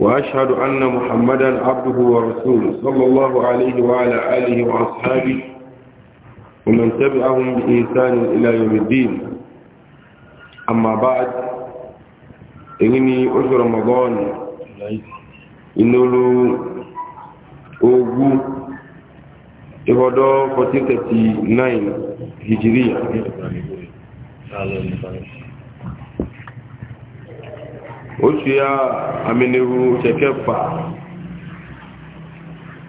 وأشهد أن محمدا عبده ورسوله صلى الله عليه وعلى آله وأصحابه ومن تبعهم بإنسان إلى يوم الدين أما بعد إني أشهر رمضان إنه أوغو إبادو 1439 هجرية otu ya aminihu chekefa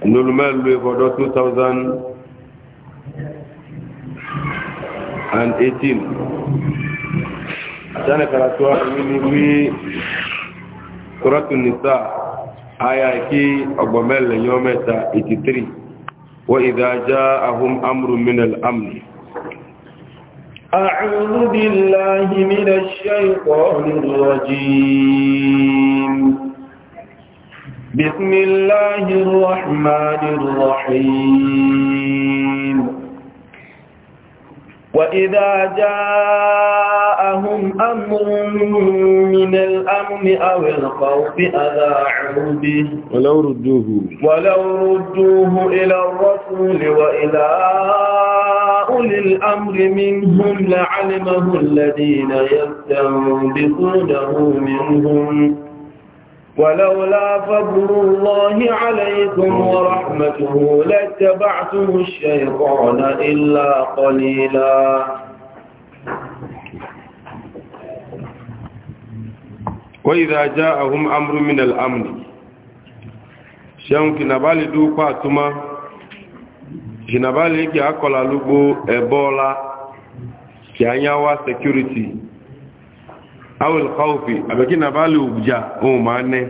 nolumelu evodo 2018 achane karatuwa aminihu suratu nisa aya ki ogbomele yometa 83 wa idha jaahum amrun min al أعوذ بالله من الشيطان الرجيم بسم الله الرحمن الرحيم وإذا جاءهم أمر من الأمن أو الخوف أذاعوا به ولو ردوه ولو ردوه إلى الرسول وإلى أولي الأمر منهم لعلمه الذين يستنبطونه منهم ولولا فضل الله عليكم ورحمته لاتبعتم الشيطان إلا قليلا وإذا جاءهم أمر من الأمن شنك نبالي دوقاتما jinabali ki akọla lugbo ẹbọla ki anyawa security awul kawfi abeki nabali ubuja ohun ma ne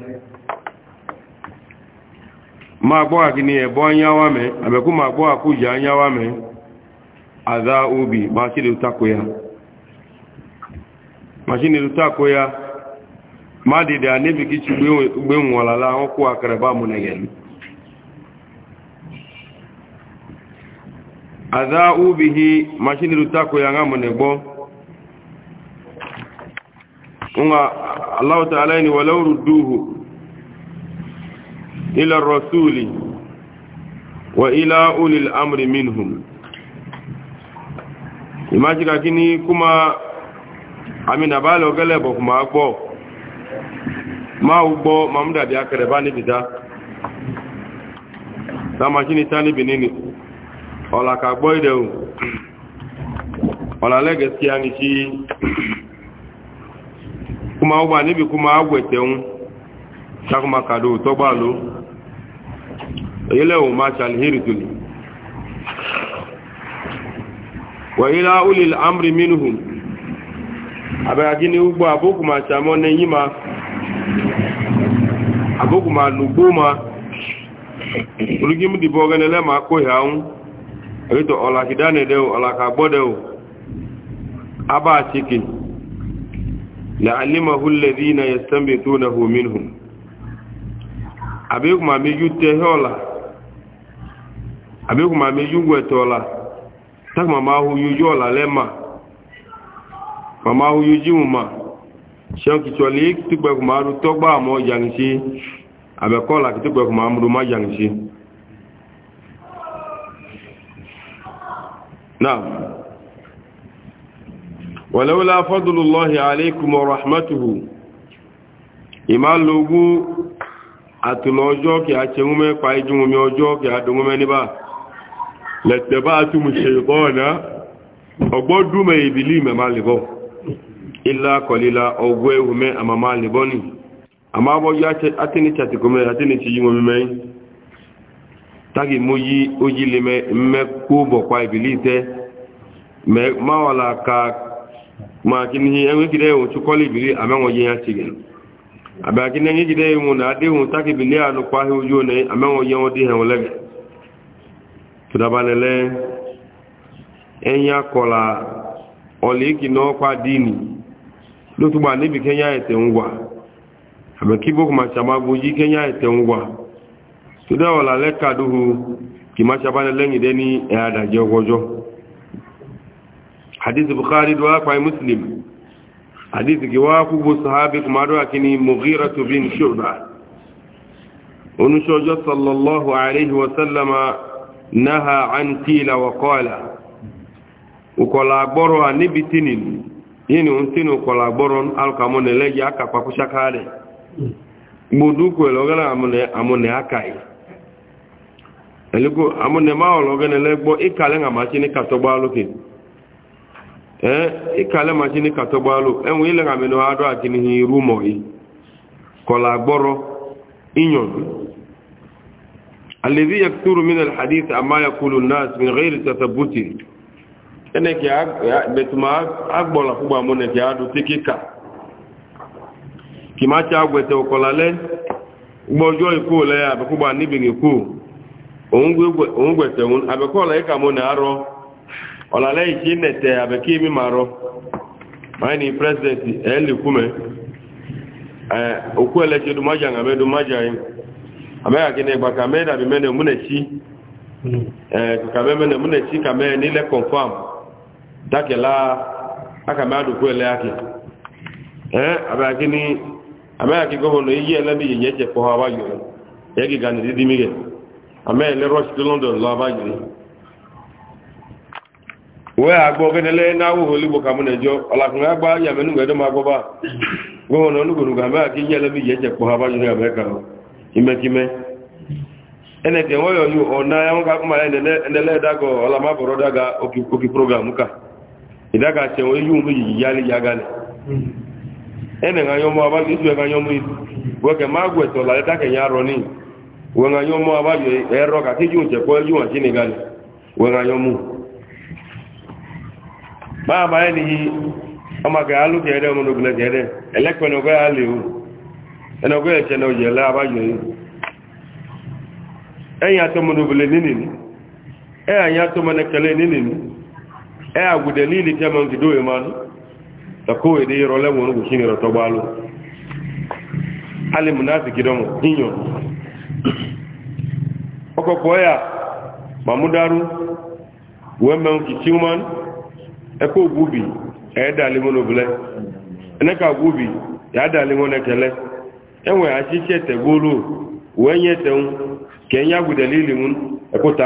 ma gbọ́ akini ẹbọ anyawa mẹ abeku ma gbọ́ akuja anyawa mẹ aza obi ma ṣe le tako ya ma ṣe le tako ya ma dede anebi kichi gbenwọlala ọkụ akaraba adha ubihi mashini lutako ya ngamo nebo unga Allah ta'ala ni walau rudduhu ila rasuli wa ila ulil amri minhum imaji kakini kuma amina balo galebo kuma agbo ma ugbo ma mda bi akere ba ni ọla kà gbọ́ ìdẹ̀wò ọ̀là lẹ́gẹ̀ẹ́sì sí kuma ọgbà níbi kuma agwẹ̀tẹ̀un sakuma kàdó tọ́gbà ló ilẹ̀ máa ṣàlìhírì tó lè ulil amri minuhun abẹ́gagí ní gbogbo àbókù máa ṣàmọ́ nẹ́yí ma lùgbó ma olùgbìmù dìbò ọgẹ́nẹ́lẹ́ èyítọ̀ ọ̀làkìdánẹ̀dẹ́ o ọ̀làkàgbọ́dẹ́ o abá àtíkì làálímọ̀húlẹ̀dí na yẹ̀sẹ́mbẹ̀ tó na homínhùn àbíkùnmà méjú tẹ́hẹ́ ọ̀là àbíkùnmà méjú wẹ̀tọ̀ ọ̀là tákùnmà máa hu yójú ọ̀là lẹ́mà màmá hu yójú mùmà ṣẹ́ọ̀kìtọ̀lẹ́ tìgbẹ̀kùnmà rú tọ́gbà àmọ́ jàǹṣe àbẹ̀kọ́ ọ̀là kìtìgbẹ̀kùnmà rú má jàǹṣe نعم ولولا فضل الله عليكم ورحمته إما اللوغو أتلوجو كي أتشمومي قايدومي أجو كي أدومي نبا لاتبعتم الشيطان أبودومي إبليم مالبو إلا قليلا أغويهمي أما مالبوني أما أبو ياتي أتني تاتكمي أتني تجيمومي مين tagi moyi oyi le mɛ mɛ kó bɔ tɛ ma wala ka ma kini ɛŋɛ kiri ɛŋɛ tso kɔli ibili ya tigɛ a bɛ na adi ŋun tagi ibili a nu kpahi oju ne a mɛ ŋɔ yɛ ŋɔ di hɛn lɛgɛ tudaba ne lɛ ɛnya kɔla ɔli eki nɔ kpa diini lótú gba suda wala leka duhu kimasha bana lengi deni ada jogojo hadith bukhari dua kwa muslim hadith kiwa kubu sahabi kumado akini mughira bin shuba unushojo sallallahu alayhi wa sallama naha an qila wa qala ukola gboro anibitinin yini untinu ukola gboro alkamone leji aka kwa kushakale gbodu kwelo gala amune eliko amune ma ologene legbo ikale nga machini katobalo ke eh ikale machini katobalo enwe ile nga meno ado akini hi rumo yi kola gboro inyon alladhi yakturu min alhadith amma yaqulu an-nas min ghairi tathabbuti ene ke betuma agbola kuba amune ke adu tikika kimacha agwete okolale gbojo iko le abekuba nibin òun gbẹ̀tẹ̀ òun àbẹ̀kọ́ ọ̀là ìkà mọ́ ní àárọ̀ ọ̀làlẹ́ ìṣe nẹ̀tẹ̀ àbẹ̀kí mi máa rọ máa ní president ẹ̀ lè kú mẹ́ òkú ẹlẹ́ṣẹ́ dumájà àmẹ́ dumájà yìí àmẹ́yà kí ni ìgbà kàmẹ́ dàbí mẹ́nẹ̀ múnẹ̀ṣí kàmẹ́ mẹ́nẹ̀ múnẹ̀ṣí kàmẹ́ nílẹ̀ confam dákẹ̀lá akàmẹ́ àdùkú ẹlẹ́ àkè àmẹ́yà kí gọ́vọ̀nà yíyí amẹ́ ilé rush to london lọ abájú ní wẹ́ àgbọ́ ọgẹ́nẹ́lẹ́ náwó olúgbò kàmúnẹjọ́ ọlákùnrin ya yàmẹ́nú ẹ̀dọ́ máa gbọ́ bá gbọ́wọ́n náà olúgbòrúgbà mẹ́ àkí yẹ́ lẹ́bí yẹ́ jẹ́ pọ̀ abájú ní amẹ́ríkà ìmẹ́kímẹ́ ẹnẹ̀kẹ́ wọ́n yọ yóò ọ̀nà ẹwọ́n kakúmà ẹnẹ́lẹ́dàgọ́ ọlámábọ̀rọ̀ dága òkì prógrámù ya ìdága ga wẹ̀ngà yọ mọ́ abájọ ẹ̀rọ kàkí yóò jẹ̀kọ́ yóò àti nìgalè wẹ̀ngà yọ mú máa bá ẹni yìí ọmọ kẹ alókè ẹ̀rẹ́ ọmọ ogun ẹ̀jẹ̀ rẹ̀ ẹlẹ́pẹ̀ẹ́ ọgọ́ yà lè o ni ẹ̀yà yẹn atọ́mọdékẹlẹ̀ nínú ni ẹ̀yà àgùdẹ̀ líìlì tẹ́mọ̀ nkìdó yìí máa ọkọ̀kọ̀ ya mamudaru wẹ́mẹ̀ kìkí wọn ẹkọ́ ògúbì ẹ̀ẹ́dàlẹ́ wọn òbílẹ̀ ẹnẹ́kà ògúbì yàádàlẹ́ wọn ẹkẹlẹ́ ẹwẹ̀ àṣíṣẹ́ ẹ̀tẹ̀gbóló wẹ́nyẹ́ ẹ̀tẹ̀hún kẹ́yìn àgùdẹ̀lẹ́ ìlú ẹkọ́ ta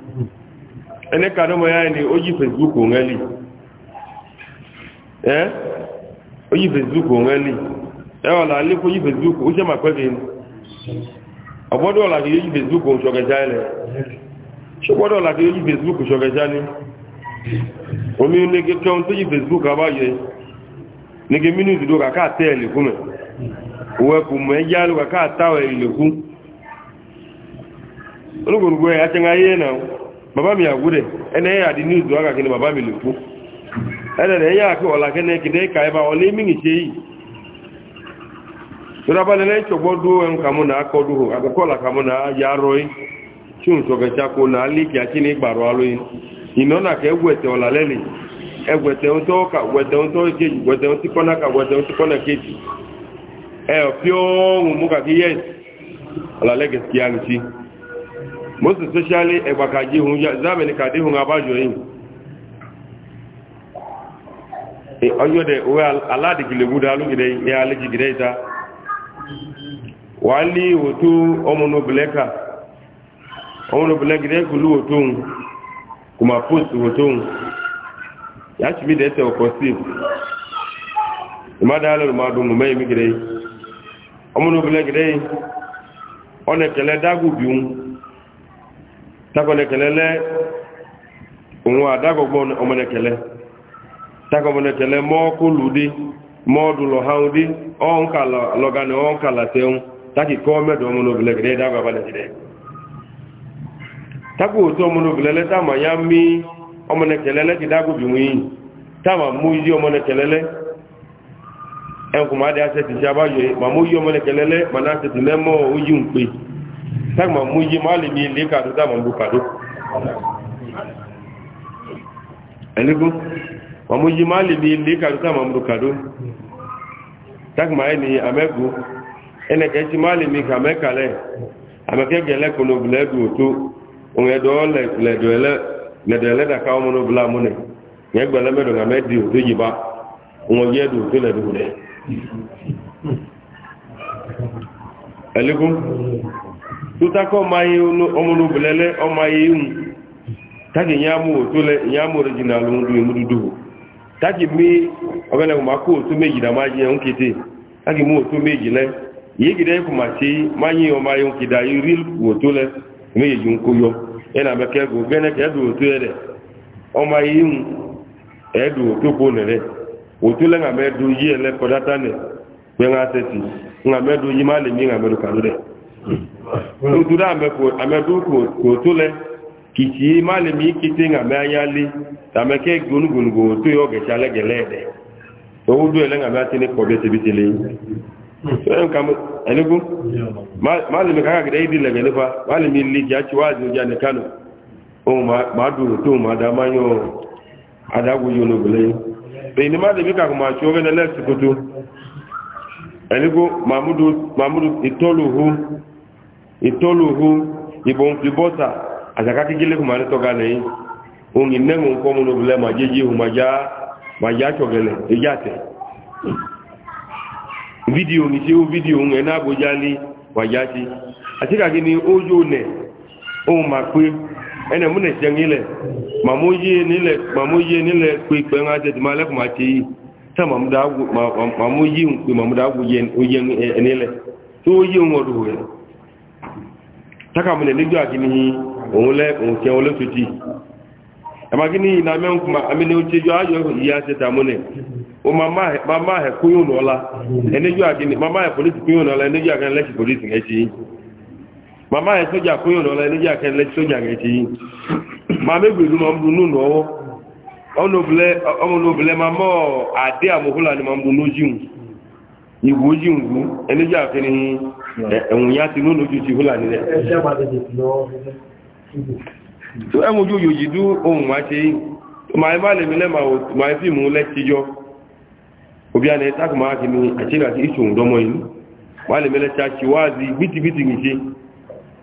ene kado mo yaye ni oji facebook ngeli eh oji facebook ngeli e wala le ko ji facebook o je ma pe ni obodo la ki oji facebook o shoge jale so bodo la ki oji facebook o shoge jale omi ne ke ton to ji facebook abaye ne ke minute do ka ka tele kume uwe kumu ejalu ka ka tawe ile ku olugurugwe atenga yena baba mi agure ene ya di news do aga kini baba mi lepo ene ne ya ki ola kene kide ka eba ole mi ni sei so da bale ne chogbo du en kamu na akodu ho akoko la kamu na ya roi chun so ga cha ko na li ki akini gbaro alo yin ino na ke gwete ola lele egwete on to ka gwete on to ke gwete on ti kona ka gwete on ti kona ke ti e o pio mu ka ki yes ola le gaskiya ni ti most especially ẹgbàkàjí hun zamani kàdé hun abájọ yìí ọjọ́ dẹ̀ wẹ́ aládìkìlẹ̀gúdá alúgidẹ̀ ya alẹ́jìgidẹ̀ ìta wà ní òtó ọmọnobìlẹ́kà ọmọnobìlẹ́gidẹ̀ kùlú òtó hun kò máa post òtó hun yà á ṣùgbí dẹ̀ẹ́tẹ̀ ọkọ̀ sí ìmádàálẹ̀ ọmọdún takọ̀nẹ̀kẹ̀lẹ́ lẹ́ òun àdágọ̀gbọ́ ọmọnẹ̀kẹ̀lẹ́ takọ̀mọnẹ̀kẹ̀lẹ́ mọ́ kó lù dé mọ́ọ̀dù lọ̀háun dé ọ́n kà lọ́gánà ọ́n kà látẹun tákì kọ́ mẹ́dọ̀ ọmọnẹ̀kẹ̀lẹ́ dágbàbalẹ̀kẹ̀lẹ́ takò tó ọmọnẹ̀kẹ̀lẹ́ Tama yá mí ọmọnẹ̀kẹ̀lẹ́ ti dágòbì wọ̀nyí táàmà mú yí ọmọnẹ̀kẹ̀lẹ́ ẹnkùnmáde asẹ́tì sí abáyọ̀ màmú yí ọmọnẹ̀kẹ̀lẹ́ màná asẹ́tì mẹ́mọ́ ó yí ń pè tagma muji malimi le ka do dama ndu kado aligo wa muji malimi le ka do dama ndu kado ni amegu ene ke ti malimi ka me kale ameke gele ko no ble du to o me do le le do le le do le da ka mo no bla mo ne ye gbele me do ga me di o ji ba o ye du to le du ne aligo tụtakọ ọmụrụ belele ọmaghị iwu taki nyamu otole nyamu original ndu emududu taki mi ogana kuma ko to meji da maji en kete taki mu to meji le yigi ma yi otole meji jun ko yo ena be ke go gene ke ere o ma yin e do otole yi tuntun amẹ́dún kò tó lẹ kìtì má lè mí kété ń àmẹ́ ayálé tàmẹ́kẹ́ gbónúgbónúgbò tó yọ gẹ̀ẹ́sì alẹ́gẹ̀lẹ́ ẹ̀dẹ̀ owó dúró ẹ̀lẹ́gà bí a ti ní pọ̀bí ti bí ti lè ẹnigun má lè mi kákàkiri ẹ̀yìn dìlẹ̀ gẹ̀lẹ́ fa má lè mi lè kí a ti wá mamudu ìtọ́lù ìtọ́lùhù ìbọn fi bọ́ta àṣàkákí gílé kùmà ní tọ́gá lẹ́yìn ohun ìnẹ́hùn kọmù ní obìnrin máa jẹ́jẹ́ ohun máa já ṣọ̀gẹ̀lẹ̀ ìyàtẹ̀ fídíò ní ṣe ó fídíò ohun ẹ̀nà àbójá ní wàjá sí àti kàkí ni ojú nẹ̀ ohun máa pé ẹnẹ̀ mú nẹ̀ ṣẹ́yìn lẹ̀ màmú yé nílẹ̀ pé pẹ̀lú àtẹ̀tì máa lẹ́kùn máa ṣe yìí tá màmú yé ohun pé màmú dáàbò yẹ nílẹ̀ tó yé ohun ọdún takamu ne ligyo akini òun lẹ òun tẹ òun lẹsọtì ẹmọ kini na mẹ́rin kuma amínú tí yọ ayọ ìyá ṣe o mama nọla akini mama ẹ polisi nọla ẹnẹjọ akini lẹsí polisi ẹ ti mama nọla akini ma ń bu nù nọwọ ọmọ n'obìlẹ mama ọ adé ni ma ń bu mu. ìwò yí ìwò ẹnìjà fún ní ẹ̀wùn yá ti lónà ojú ti húlà nílẹ̀ ẹ̀wùn ojú yòyí dú ohun wá ṣe máa bá lè mílẹ̀ máa fi mú lẹ́tíjọ́ òbí àná ìtàkù máa kì ní àṣírí àti ìṣòhun dọ́mọ inú wà lè mílẹ̀ ṣáṣí wá sí bítibíti ní ṣe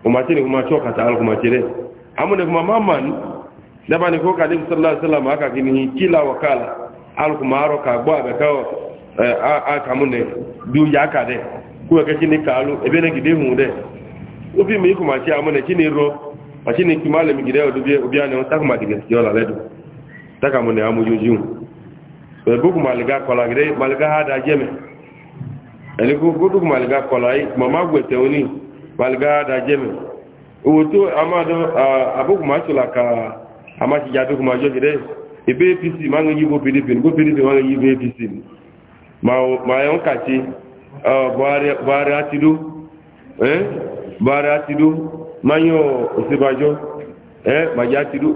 ọmọ àti ẹnìkan máa ṣọ́ kàtà akamu ne du ya ka de ku ga kini kalu ebe ne gide hun de obi mi ko ma ti amu kini ro ma kini ki mi gide obi obi ane ta ma gide yo la ledu ta ka ne amu juju bu gide ha da jeme du mama gwete oni maliga ha da jeme to amado abuku ma tula ka amati jo gide mayan kace buhari atidu buhari atidu eh, mayo osibajo eh, maji atidu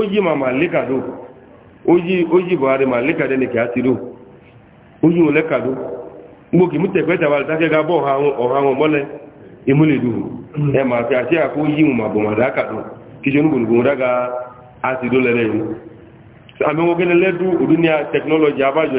oji ma malika oji buhari malika de ni atidu oji oleka do gbo mute pe tabal take ga bo ha o ha won mole imule du e ma fi oji ma bụ madaka do ki jonu bu ngun daga atidu lele ni ami wo gele ledu dunia abajo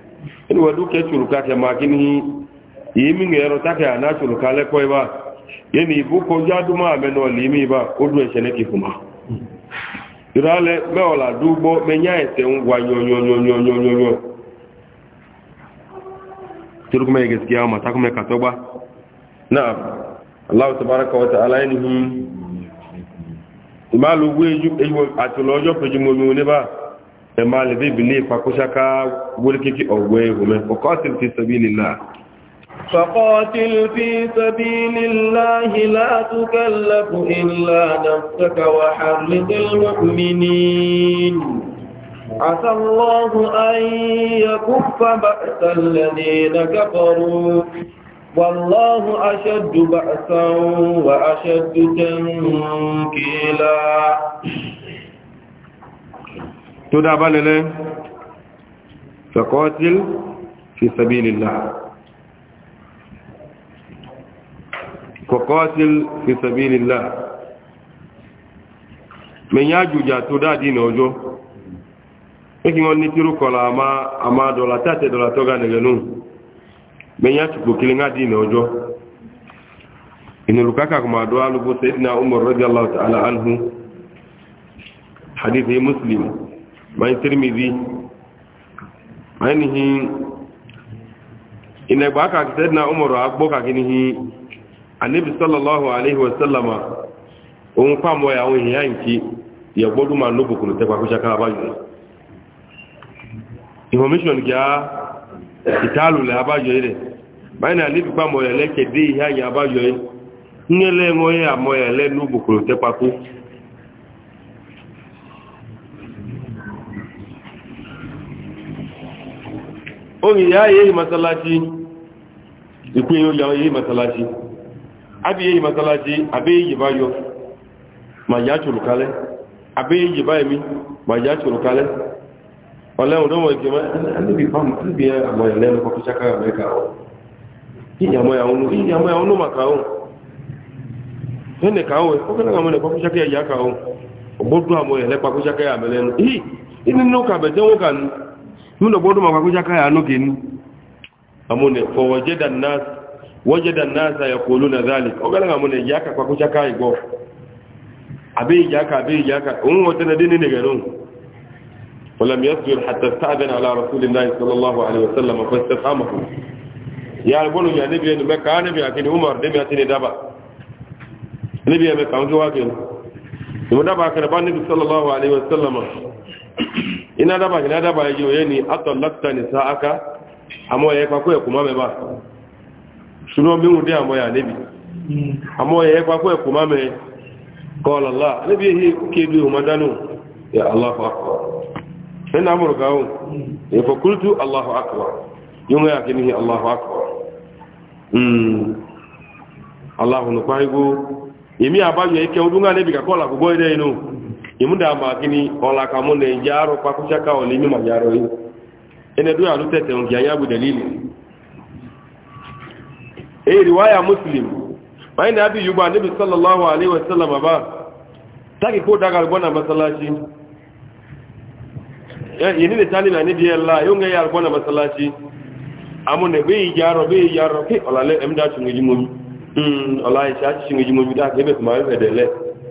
inu wadu ke churuka ke makini yimi ngero take ana churuka le ko iba yeni ibu ko jadu ma me no limi ba odu ese ne kikuma irale me ola dugbo me nya ese ngwa nyo nyo nyo nyo nyo nyo nyo turukume gaskiya ma takume katoba na'am Allah tabaraka wa ta'ala inhum imalu weju ewo atulojo pejumo mi ne ba ẹ̀mà lè bí ìbìlẹ̀ ìpakóṣáká wólékíkí ọ̀gbọ̀ ẹ̀hùnmẹ́ fọ́kọ́tìl fi sàbí lílá فقاتل في سبيل الله لا تكلف إلا نفسك وحرق المؤمنين عسى الله أن يكف بأس الذين كفروا والله أشد بأسا وأشد تنكيلا tó dábá lẹ́lẹ́ fẹ̀kọ́tíl fi sabilillah kọ̀kọ́tíl fi sabilillah mẹ̀yìn àjùjà tó dáadí ní ọjọ́ pẹ́kí wọ́n ní tírú kọ̀lá àmá dọ̀là tàtẹ̀ dọ̀là tọ́gá nìlẹ̀ nù mẹ̀yìn àtùpò kí lẹ́ngádí ní ọjọ́ ìnìlùkákà kò máa dọ́ alúgbó sayyidina umar radiyallahu mai tirmidhi ainihi ina ba ka ki na umaru agbo ka kini hi sallallahu alaihi wasallama ohun pàmò ya ohun ìyá nki ya gbodu ma lóbo kùnú tẹpa kó ṣaká abájọ information kí a ìtàlù lẹ abájọ rẹ na anibi pàmò ya oyin ya yi masalaci ikun yi yi masalaci abi yi masalaci abe yi ba yo ma ya abe yi ba mi ma ya churu kale ole o don wo ke ma ani bi ya lelo ko chaka me ka o ya ya unu ya ya unu ma o ene ka o ko mo ne ko chaka ya ka o o bodu amo ya le pa ko chaka ya nuna bodu makwaku ja kaya nuke ni amune fa wajada nas wajada nas yaquluna zalik ogala ngamune yaka kwaku ja kai go abe yaka abe yaka un wata na dini ne garon ولم يصبر حتى استأذن على رسول الله صلى الله عليه وسلم فاستفهمه يا بنو يا نبي ان مكا نبي عمر دمي اتني دبا نبي مكا وجواكن ودبا كان النبي صلى الله عليه وسلم ina daba ina daba yi yoye ni ato lakta ni sa aka amo ya kwa kwe kuma meba suno mi ngunde amo ya nebi amo ya kwa kwe kuma me qala allah nabi hi kebi umadanu ya allah akbar ina amuru gawo ya fa kultu allah akbar yunga ya kini allah akbar mm allah nu kwaigo yemi abayo ike odunga nebi ka kola gugo ide inu imuda makini ola kamune jaro kwa kuchaka olimi majaro hii ene dua lutete ungi anyabu dalili e riwaya muslim maina abi yuba nabi sallallahu alaihi wasallam ba taki ko daga gona masallaci eh yini ne talibi anabi Allah yonga ya gona masallaci amune be jaro be jaro ki ola le emda chungi jimu mm ola isha chungi jimu da kebe kuma be dele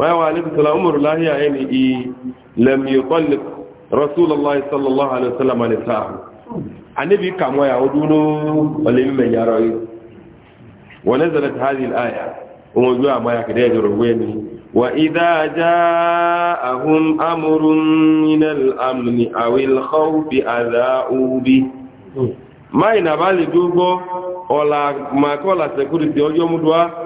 ما وعليه السلام أمر الله يعني لم يطلق رسول الله صلى الله عليه وسلم نساءه النبي كم يعودون ولم يرى ونزلت هذه الآية وموضوع ما يكره جرويني وإذا جاءهم أمر من الأمن أو الخوف أذاؤوا به ما ينبالي دوبو ولا ما كولا سيكوريتي أو يوم دوا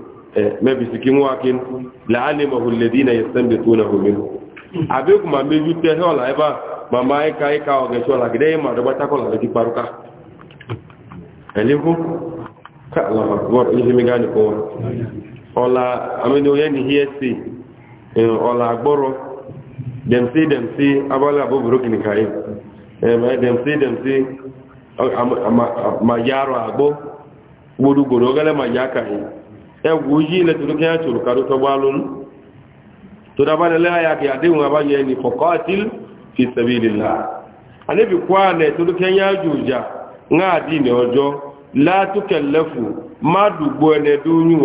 Eh, mɛ bisiki mu wakin la'alimahu alladhina yastanbitunahu minhu abe kuma me ju te hola eba mama e kai ka o geso la gide ma do bata ko la di paruka eliku ka Allah akbar ihi mi gani ko ola amini o yani hiesi eh, ola agboro dem si dem si abala bo burukini kai e ma dem si dem si ma yaro agbo gbodu gbodu gele ma ya kai ẹgbù yí ilẹ̀ tó lókè àti olùkàdó tó bá lónú tó dábá nílẹ̀ àyà kí àdéhùn àbáyẹ ni kọ̀kọ́ àti fi sẹ̀bí ìlà anábì kó ànẹ̀ tó lókè yá jù ìjà ńlá ní ọjọ́ látúkẹ̀ má dùgbò ẹnẹ dúnyù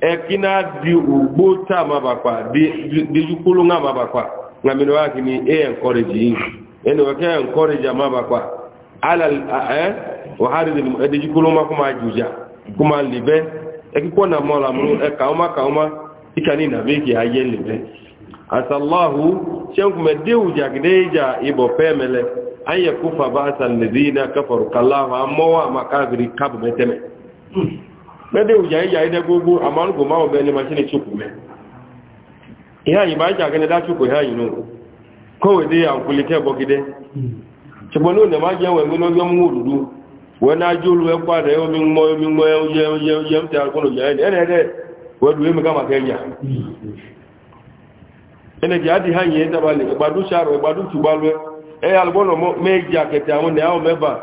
ekina di ugbo ta mabakwa di kulu nga mabakwa nga mino waki ni e encourage yi ene wake encourage mabakwa ala eh wa haridi eh, diju kulu ma kuma juja kuma libe eki kona mola mu e kauma kauma ikani na beki aye libe asallahu shen kuma dewu jagdeja ibo pemele an kufa ba'sa alladhina kafaru kallahu amma wa makafiri kab meteme mede ụja iji anyị gbogbo ugwu amalụgo ma ọ bene ma chinechukwu mee bụ anyị ma anyị ji agịnịda chukwu ihe anyị n'ugwu ka o wede ya nkwulite na ma ji enwe ya omi mmụọ omi mmụọ ya oye oye oye m tara kwụrụ ya na ya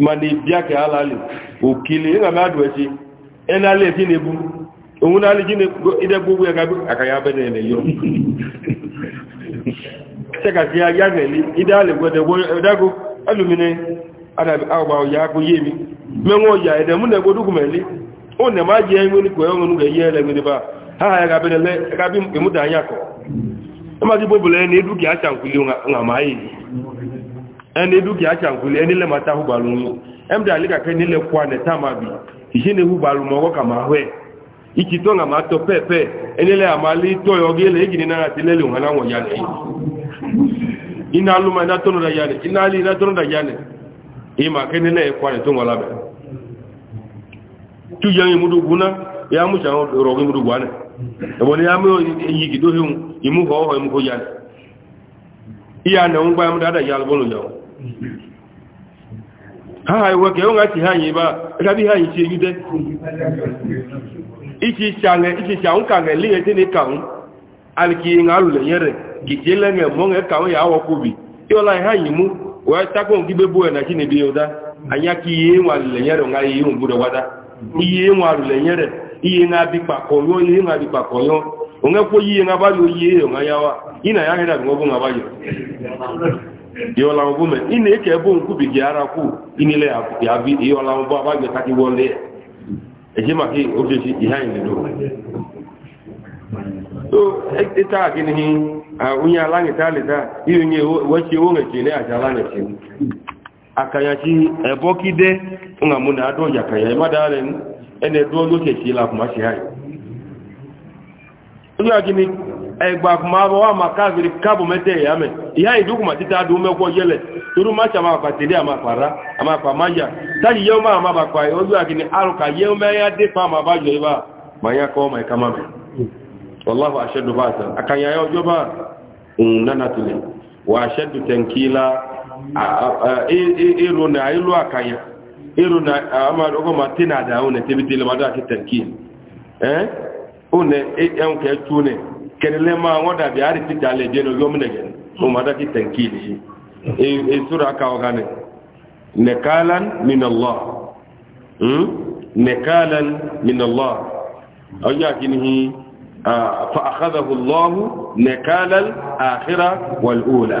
mana ibiake alali okili nga ma adwechi enali ejinebu onwun ali jinidegbo ugbo ya gabi aka ya bene ene yo sekasi ya ya neli ide ali gwedegbo edago alumine adabi agba ya agbo yemi menwo ya ede mu negbo dugu meli o ne ma je enwe ni ko enwe nu ga ye ele mi ba ha ha ya gabi ele gabi imuda anya ko ma di bobule ni duki acha nkuli nga ma yi ẹni dúkìá ṣàǹkulẹ̀ ẹni lẹ́mà tá hùgbàlù yìí ẹmdà alíkàkẹ́ nílẹ̀ kwa nẹ̀tà máa bì ta ni hùgbàlù mọ̀ ọkọ̀ máa hù ẹ̀ ìkì tó nà máa tọ pẹ́ẹ̀pẹ́ ẹni lẹ́ àmàlí tó yọgí ẹlẹ́ ìgì nínú àti lẹ́lẹ̀ ya nẹ̀ iná alúmọ̀ iná tó nà ya iná iná tó nà ìmà kẹ́ nílẹ̀ tó mú ni ya ìyá ha iwe ka enwe achi ha anyị a gabi ha anyị chi egide ichicha ka ga-ele na dị n'ịka m alịkighị na alụle nyere gichie le nge mmụọ nge ka m ya awọkwubi ịọla ha anyị mụ wee takwa ngibe bụ e na na-ebi ya ụda anyị aka ihe nwe alụle nyere nwa ihe mgburu gbada ihe nwe alụle nyere ihe na-abịkpa kọnyụọ ihe na-abịkpa kọnyụọ onye ihe na-abalị oyi ya wa ị na ya na abalị ìyọ̀lá eke mẹ́ iná ẹ̀kẹ́ bó ń kúbi gí ara kú inílé àbí ìyọ̀lá ọgbọ́n abájọ káàkiri wọlé ẹ̀ ẹ̀ṣẹ́ máa kí ó ṣeṣe ìhá ìlú tó ẹ̀ta àkíní ní oúnjẹ aláǹgẹ̀ta lẹ́ta ìròyìn wẹ́ṣẹ́ owó rẹ̀ ẹgbà kùmàbọ̀ wà ma káàkiri káàbù mẹ́tẹ̀ ìyá mẹ́ ìyá ìdúkùmà títà dùn mẹ́kọ́ yẹlẹ̀ torú máa ṣàmà àpàtẹ̀lẹ̀ àmàpàrá àmàpàmáyà táyì yẹ́ máa máa bàpà ojú àkíní alùkà yẹ́ mẹ́yà dé fa máa bá jọ ibà máa kọ́ máa kama mẹ́ wàláhù aṣẹ́dù bá àṣà àkànyàyà ọjọ́ bá ń nánà tulẹ̀ wà aṣẹ́dù tẹ̀ǹkìlá èrò nà ìlú àkànyà èrò nà tẹ́bítẹ́lẹ̀ àti tẹ̀ǹkìlá ẹ́ ẹ̀ kẹrìnlẹ́ máa wọ́n dàbí àrísí jalè jẹ́nu yọ́mìnẹ̀gẹ̀ ọmọdájí tẹ̀ǹkì ìlú ìṣúra káwọ́gá ni nẹ̀kálán minallah hmm? nẹ̀kálán minallah ọjọ́ àkíní fa'akádàhù lọ́hù nẹ̀kálán àkírà wàlúùlà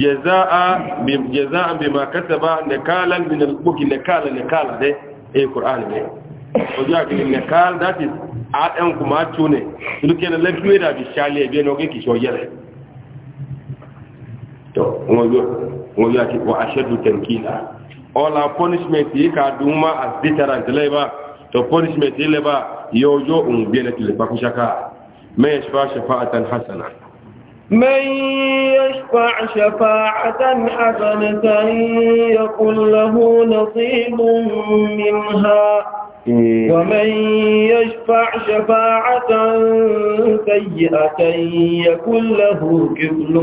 jẹ́záà bí ma kẹsàbá nẹ̀kálán minallah nẹ̀kálán nẹ̀kálán dẹ́ ẹ̀kùrán ni ọjọ́ àkíní nẹ̀kálán that is ɗan kuma tune duke na lafiye da bishali ya biyan oge kisho yare to ka dùn ma as deterrent lẹ́ba to punishment yìí lẹ́ba yóò yóò ń na shafa pakúṣaká hasana من يشفع إيه. ومن يشفع شفاعة سيئة يكن له كفل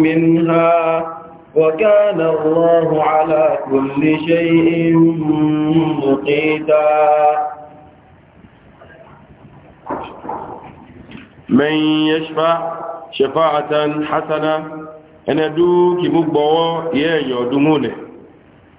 منها وكان الله على كل شيء مقيتا من يشفع شفاعة حسنة أنا دوك مبوا يا يودمونه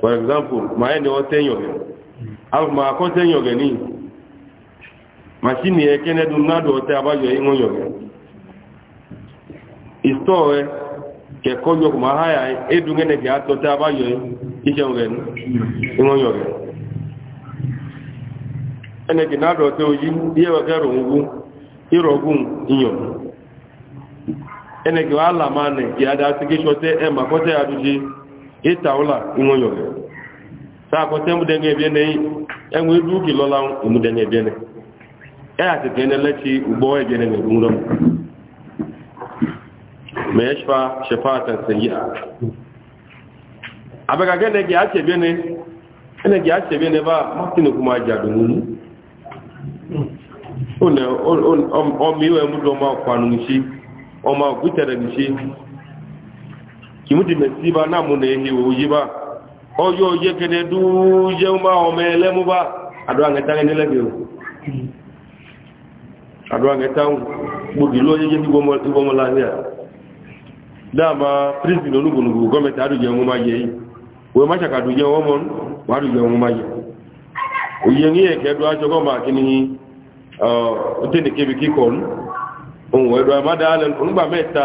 for example ma ẹni ọ tẹ́yàn rẹ̀ alùpùpù akọ́ tẹ́yàn rẹ̀ ní màṣínì ẹ kẹ́nẹ́dùn nádùn ọtẹ́ abájọ ìwọ̀n yàn rẹ̀ ìstọ́ rẹ̀ kẹ̀kọ́ yọkù máa háyà ẹ̀dùn ẹ̀nẹ̀ kẹ́ àtọ́tẹ́ abájọ iṣẹ́ rẹ̀ ní ìwọ̀n yàn rẹ̀ ẹnẹ̀ kì nádùn ọtẹ́ ojí yẹ́ ọkẹ́ ìrọ̀gùn ìyàn ẹnẹ̀ kì wàá là máa nẹ̀ kì adá sí kí ṣọtẹ́ ẹ̀ màkọ́tẹ́ adúgbò Ịta ụla inwonyoge sakụta mudenge ebiene enwe ibu uki lọla mudenge ebiene ya ti kene ugbo ebiene na ma ya shafa shafatan sayya abaga gene gi ache ebiene ene gi ache ebiene ba martin kuma ajadu nunu one o mi we mudu ma kwanu nshi o kìmùtì mẹsì bá náà múnà ehi òyí bá ọjọ́ òye kẹne dúújẹ́ bá ọmọ ẹlẹ́mú bá àdúrà ngẹta nílẹ́gbẹ̀ o àdúrà ngẹta gbogbo ìlú ọjọ́ tí gbọmọ láàrín dáàmà prison onúgbònúgbò gọ́mẹ̀tì àdújẹ wọn máa yẹ yìí wọ́n má ṣàkà àdújẹ wọn mọ́ wọ́n àdújẹ ni ó tẹ́lẹ̀ kébi ẹ̀dọ̀ àmádà alẹ́ nígbà mẹ́ta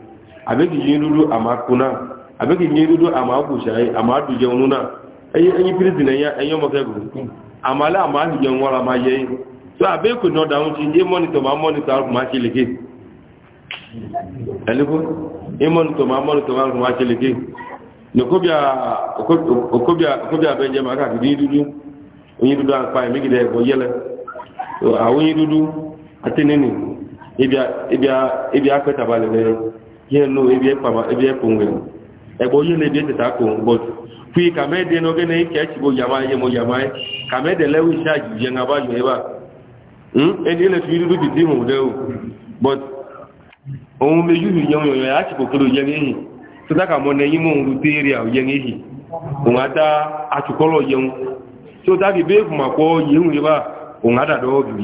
abeki nye dudu ama kuna abeki nye dudu ama akusai ama aduje onuna eyi enyi prison eya enyi so abeki ní ọdọ ti ye mọnitọ ma mọnitọ alùpùpù ma ṣe leke ẹlẹkọ ye ma mọnitọ ma okobia okobia ma dudu onye dudu akpa emi gidi ẹgbọ yẹlẹ ye nu ebi ekpama ebi ekpongwe egbo onye na-ebi eteta akụ gbot kwi ka mee dị n'oge na ike echibo yama ihe mo yama ka mee dị lewe isi ajụjụ ya ngaba ebe a hmm? eni ile fi ruru bibi mụ dewu but ohun meju hu nye onyoyo ya achịkwa okoro ye n'ihi tụta ka mụ na enyi m nrute eri a ye n'ihi ụnwa ta achụkọrọ ye nwu ma kwụọ ye nwu ebe a obi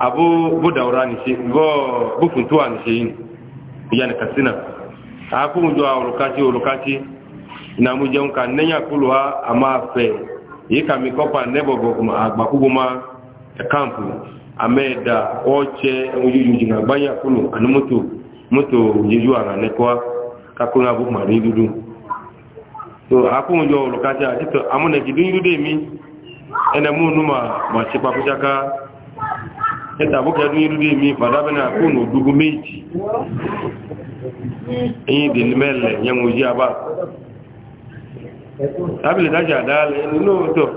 abu bu daura ni shi go bu funtuwa ni shi yana kasina a ku mu lokaci lokaci na mu jeun kan nenya kulwa ama fe yi ka mi kopa nebo go kuma agba ku kuma ta kampu ameda oche banya kulu anu mutu mutu ara ne kwa ka ku na bu ma dudu to a ku mu jwa lokaci a to amune gidun mi ẹta bókẹ́ ní irú dé mi fàdábẹ́nà kóònù òdúgbò méjì ẹ̀yìn ìdèlè mẹ́lẹ̀ yẹmú yí abá tábìlì dájà dáálẹ̀ nínú òótọ́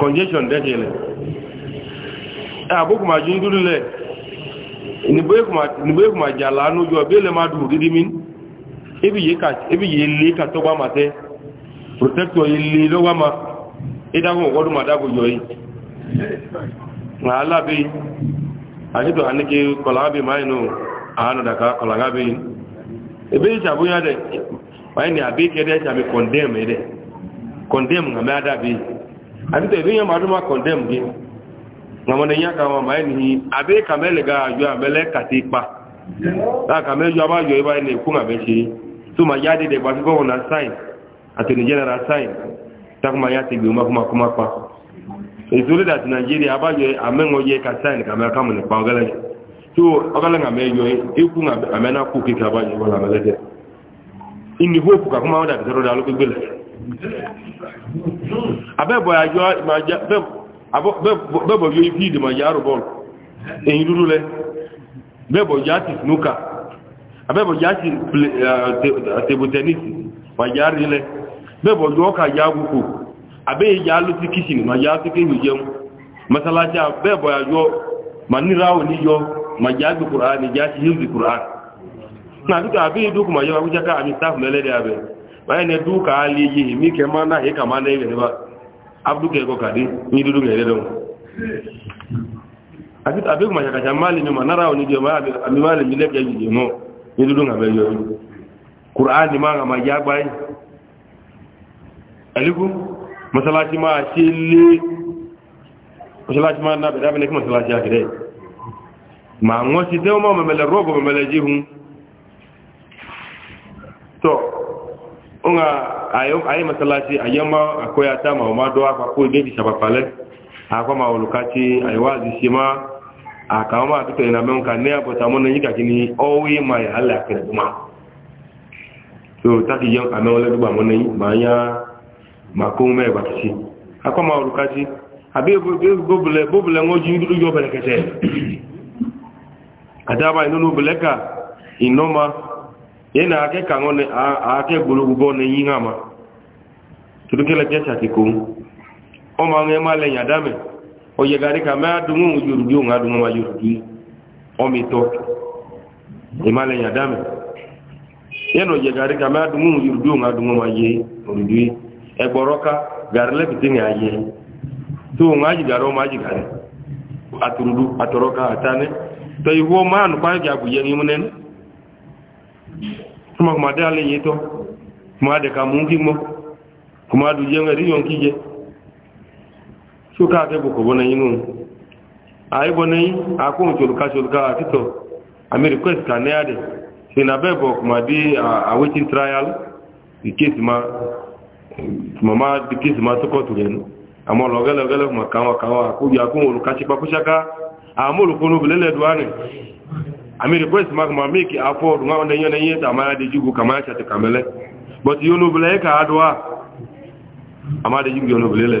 congestion dẹ́jẹ̀lẹ̀ àbókù màá jíń dúró lẹ̀ ìnìbó èkùmà jà lánú yọ bí máa dùn mi ebi yìí lé protector yìí lé lọ́gbà ma ìdáhùn ọgọ́dún màdábò yọ yìí na alabi ajido anike kolabi mainu anu da ka kolabi ebe ja buya de maini abi ke de ja mi condemn ede condemn na mada bi ajido ebe ma condemn na mo nya ka ma maini abi ka mele ga ju ta ka meju aba yo iba ni ku ma be si tuma yadi de ba fi na sign atini general sign ta kuma ya ti gbe ma kuma kuma pa ezori dat naijiria abagye ameng'oye kasaini kame kamu ne kpa ogele so ogele nga meyo iku nga amena ku kike abagye wala melete ini hope ka kuma odat zero dalo gbele abe boy ajo ma ja be abo be bo yo ifi de ma yaro bol en yurule be bo jati nuka abe bo jati eh, table tennis ma jarile ku abe yi jaalu ti kishin ma jaalu ti kishin jẹun masalaja bẹẹ bọ ni yọ ma jaabi kur'an ni jaasi hilzi na duka abe yi duku ma yọ akuja ka ami staff mẹlẹ de abẹ báyẹ ne duka ali yi mi kẹ ma na he ka ma na yi ba abudu kẹ kọ kadi ni dudu kẹ dẹdọ àti àbí kò màṣà kàṣà máa lè mi mà nára òní jẹ àmì máa lè ní dúdú àbẹ̀ yọ ni máa ma yá masalasi ma ṣe lé masalasi ma na bẹ̀rẹ̀ abẹ́lẹ́kí masalasi àgẹ́rẹ́ ma wọ́n sí tẹ́ ọmọ mẹ́mẹ́lẹ̀ rọ́gbọ̀ mẹ́mẹ́lẹ̀ jíhun tọ́ ọ̀nà ayé masalasi ayẹ́mọ́ àkóyàtà ma ọmọ adọ́ àpapọ̀ ilé ti sàpàpàlẹ́ àkọ́mà olùkàtí àyíwá àzìṣe ma a àkàwọn máa tẹ́tẹ̀ ìlànà mẹ́rin kan ní àbọ̀tàmọ́ náà yíkàkí ni ọwọ́ yìí ma yà á lẹ́ àkẹrẹ̀ tó ma tó táàkì yẹn àmẹ́wọlẹ́dúgbà mọ́ náà yìí ma yá ma kó mẹ́ ìgbà kìí akọ́ ma olùká sí àbí bóbulẹ̀ wọ́n jí dúdú yọ bẹ̀rẹ̀ kẹsẹ̀ àdába ìnúnú bẹ̀lẹ́kà ìnọ́ma yẹn na akẹ́kà wọn ni akẹ́ gbogbo ní yí hàn ma tùdúkẹ́lẹ̀ jẹ́ sàkíkó ọmọ àwọn ẹmà lẹ́yìn àdámẹ̀ ọyẹ gàrí ka mẹ́ adùnmọ́ yorùbí òun adùnmọ́ ma yorùbí ọmọ ìtọ́ ẹmà lẹ́yìn ma yé yorùbí egboroka gari lepiti ni aye to ngaji garo maji gari aturudu atoroka atane to iwo man pa ja buye ni munen kuma kuma da le yito kuma deka ka mungi mo kuma du je ngari yonki je suka ke boko bona yinu ai bona yi akun chulka chulka tito ami request kaneade sina bebo kuma di a waiting trial the ma mama dikisi ma tɔkɔ tugen ama lɔgɛlɛ gɛlɛ kuma kan wa kan wa ko ya ko olu kasi kpakpo saka amu olu kolo bile le duane ami request ma kuma mi ki afɔ dunga ne nye ne nye ta ma ya de jugu kama ya sati kamɛlɛ but yonu bile e ka adua ama de jugu yonu bile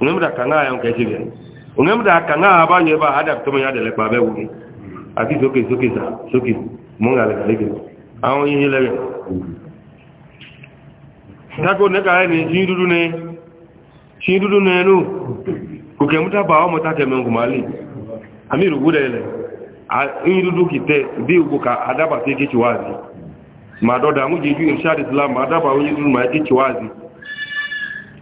ung'emda kanga yon kechige ung'emda kanga abanye ba hada kutomo ya dele kwabe ugi ati soki soki sa soki munga le kalike awon yin le tako ne ka ni jindudu ne jindudu ne nu kukemuta ba omo take me ngumali amiru gudele a dudu jindudu te bi ugo ka adaba te kichwazi madoda mu jeju irshad islam adaba dudu ma kichwazi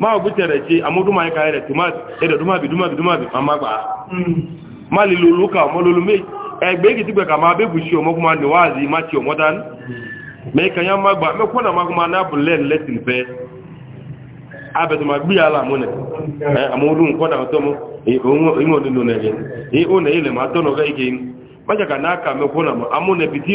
ma bu tere ci amu duma ka ere ti ma ere duma bi duma bi duma bi ma gba ma li lulu ka mo lulu me e gbe ki ti gbe ka ma be bu shi o wazi ma ti o mo dan me ka ya ma gba me ko na ma kuma na bu len letin pe abe to ma gbi ala mo e e e ile ma to no ga ike ma ja ka na ka me ko na mo amu ne bi ti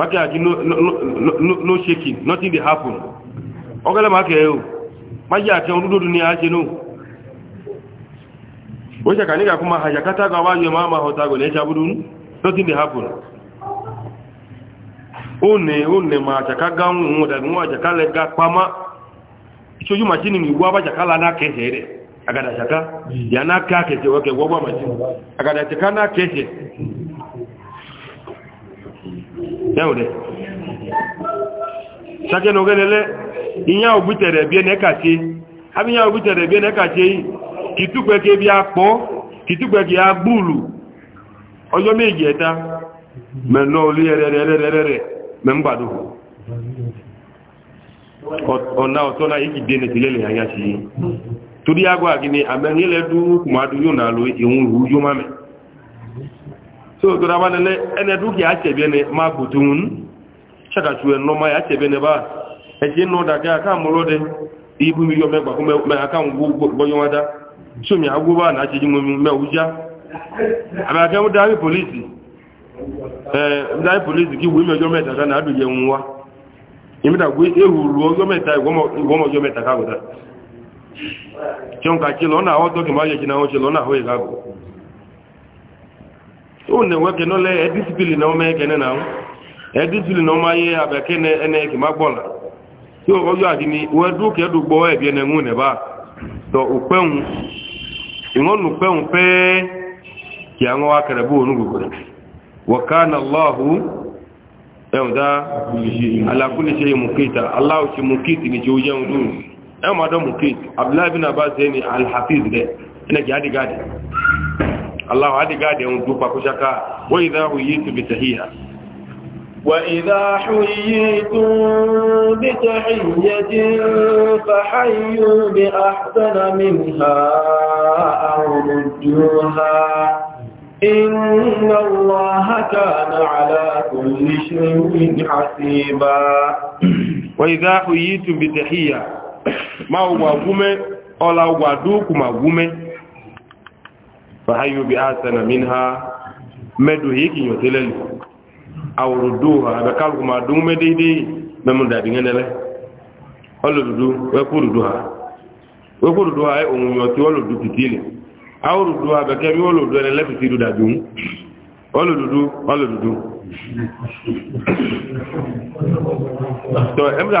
make aki no no no no shaking nothing dey happen ogele make e o maji ake orudodo ni aje no o se kaniga kuma hajakata ga wa yo mama hota go le chabudun nothing dey happen one one ma chakaga nwo da ka ajakale ga pama ichoju machini ni gwa ba chakala na kehere agada chaka yana ka keje oke gwa machini agada chakana keje ẹ̀wùdẹ̀ ṣakẹ́ ní ogẹ́lẹ́lẹ́ ìyá ògbútẹ̀rẹ̀ bí ẹnẹ́kàṣe abíyá ògbútẹ̀rẹ̀ bí ẹnẹ́kàṣe kìtúgbẹ́kẹ́ bí apọ́ kìtúgbẹ́kẹ́ agbúùlù ọjọ́ méjì ẹ̀ta mẹ́lọ olú ẹ̀rẹ̀rẹ̀rẹ̀rẹ̀ mẹ́mbàdó ọ̀nà ọ̀tọ́lá yìí dé ya àyàṣì torí agbáàgì mẹ́ so to raba ne ene duki ya ce bene ma gutun chaka tuwe no ma ya ce bene ba e je no da a ka mulo de ibu mi yo me gba ko me aka ngu gboyo wada so mi agu na ji mu me uja aba ka mu da mi police da police ki wi me yo me da na du je nwa imi da gwe ehuru yo me ta igwo mo igwo mo yo me ta ka chonka chi na ho to ki ma ye ji na chi o ne weke no le edisipili na ome kene na edisipili na oma ye abeke ne ene ki magbola ti o ojo adini we du ke du gbo e bi ene ngun ne ba to upehun ingon upehun pe ki an wa kare bu onu gugu wa kana allah ewda ala kulli shay mukita allah shi mukiti ni joje ndu e ma do mukiti abdullah ibn abbas ni al hafiz de ene ki hadi Allah hadi gade un dupa kushaka wa idha huyitu bitahiyya wa idha huyitu bitahiyyatin fahayyu bi ahsana minha aw rudduha inna Allaha kana ala kulli shay'in hasiba wa idha huyitu bitahiyya ma wa gume ola wa du kuma gume fahayu bi asana minha medu hiki nyotelele aw rudduha abe kalku ma dum medidi memu da ngenele holo dudu we ku rudduha we ku rudduha e umu nyoti holo dudu titile aw rudduha be kemi holo dudu ne lebi tidu da dum dudu holo dudu to emra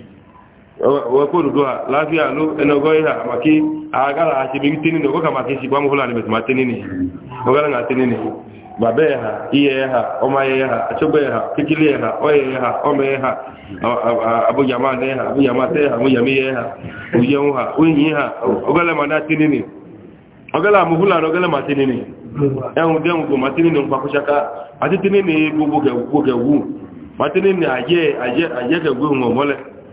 wekorudoa lafi alu enogo iha maki agala achibi tini no goka maki si kwamu fulani betuma tini ni ogala nga tini ni babe ha iye ha ọma ye ha achobe ha kikili ha oye ha ome ha abu jama ne ha abu jama te ha abu jami ye ha uyen ha unyi ha ogala mana tini ni ogala mu fulani ogala ma tini ni ehun den go ma tini ni mpakushaka ati tini ni gugu ge gugu ge wu ma tini ni aye aye aye ge gugu ngomole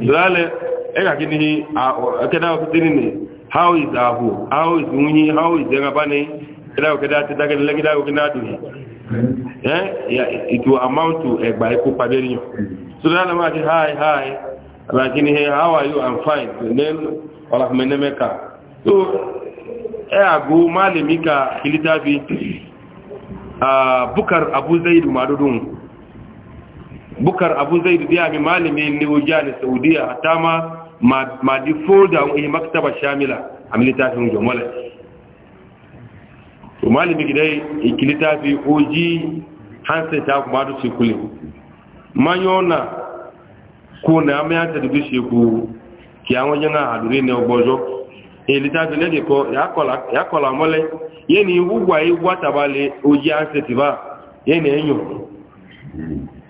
lale ega kini keda kini ni how is ahu how is munyi how is nga e bani keda keda tida keda keda keda du eh ya it will amount to egba iku e paderinyo so lale ma ti hi hi lakini hey how are you i'm fine and then wala menemeka so e agu malimika kilitafi a bukar abu zaid madudun bukar abu zai da biya mi malami ne wuja saudiya hatta ma ma di folda wa ihe maktaba shamila a littafin jomala to malami gidai iki littafi oji hansa ta kuma da su kulin manyona ko na amya ta dubi sheku ki awon yana hadure ne ogbojo e eh, littafi ne ko ya kola mole yeni wugwa igwa tabale oji hansa ti ba yeni enyo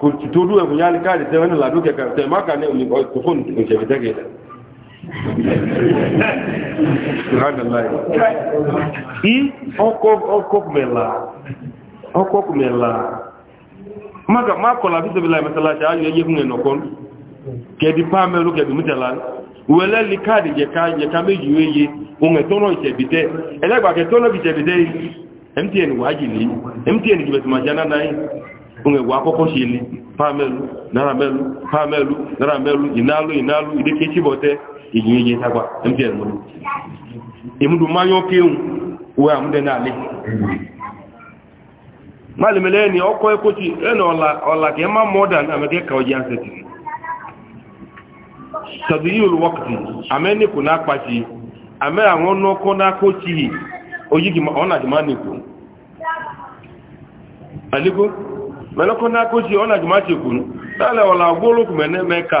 kutudu ẹ̀kùn yá ní káàdì tẹ́wọ́n náà làdó kẹ̀kẹ́ tẹ̀ má kà ní omi kò fóònù tó ṣẹ̀fẹ̀ tẹ́kẹ̀ rẹ̀. i ọkọ̀ mẹ́la ọkọ̀ mẹ́la má kọ̀lá bí sẹ́bí láì mẹ́sàlá ṣe ayọ̀ ẹyẹ fún ẹ̀nọ̀kọ́ kẹ̀dí pàmẹ́lú kẹ̀dí mítẹ̀lá wẹ̀lẹ́ ní káàdì yẹ̀ká méjì wéye ohun ẹ̀tọ́nà ìṣẹ̀bìtẹ́ ẹlẹ́gbàkẹ̀tọ́nà ìṣẹ̀bìtẹ́ mtn wájì lè mtn jìbẹ̀tì onwegwe akụkọ chili pamelu naramelu pamelu naramelu inalu inalụ idekechibote iginye tagwa mpn imudu mmanya oke ewu uwe amde nali mali mele ni ọkọ ekochi ena ọla ọla ka ema mọda na amege ka oji aseti tadu yi olu wakati ame na akpachi ame àwọn n'ọkọ na akochi oyi ọ na gima niku aliko mɛlɛkɔ n'akɔsi ɔnadumati kunu t'alɛ ɔlɛ agbolo kumɛ n'ɛmɛ ka.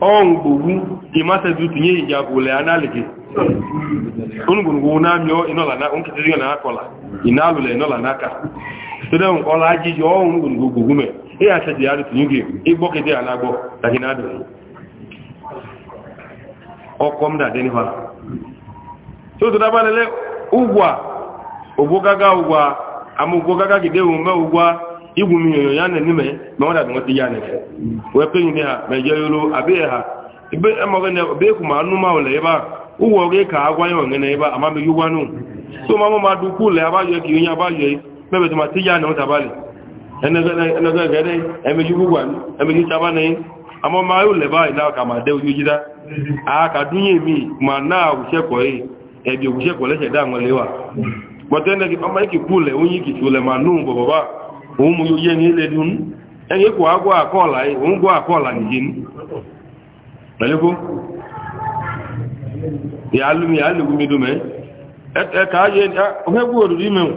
ọgbogbu imatezu tinye ija bụle analigi onugbunugu na amịọ inọlana nkịtịrịọ na akọla inalụla inọla n'aka site ọla ajiji ọnugbunugu gbogume ịha chaji arụ tinye gị ịgbọkịdị ya na-agbọ na gị na-adụ ọkọ m dadị n'ihu sotu dabalele a, ogbogaga ugwa ama ugwogaga gide omume a. igwu mmiri ya na enime ma ọ na-adị ya na eke wee ha ma ejere olu abịa ha ebe amaghị e na ebe ekwu ma anụ ebe a ụgwọ gị ka agwa ya onye na ebe a amaghị ụgwọ anụ so ma mma dị ụlọ ya agbajọ ka onye agbajọ mebeta ma tiya na ụtabalị enegegere emeji ugwu na ma ma iwa onye nụ òun yóò yé ní ilé m ẹni ya ágbó àkọọ̀lá òun gbó àkọọ̀lá nìyí ní pẹ̀lẹ́kó ìyálùmí alìgúnmídùmẹ́ ẹka ayé ọgbẹ́gbò òdúdú mẹ́wọ̀n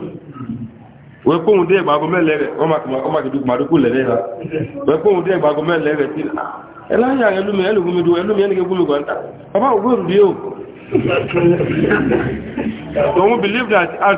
wẹ́kóhun dé ìgbàgbọ́ mẹ́lẹ̀ rẹ̀ ọmọkìdùkùmàdùkù lere ha wẹ́kóhun dé ìgbàgbọ́ mẹ́lẹ̀ rẹ̀ tí ya believe that as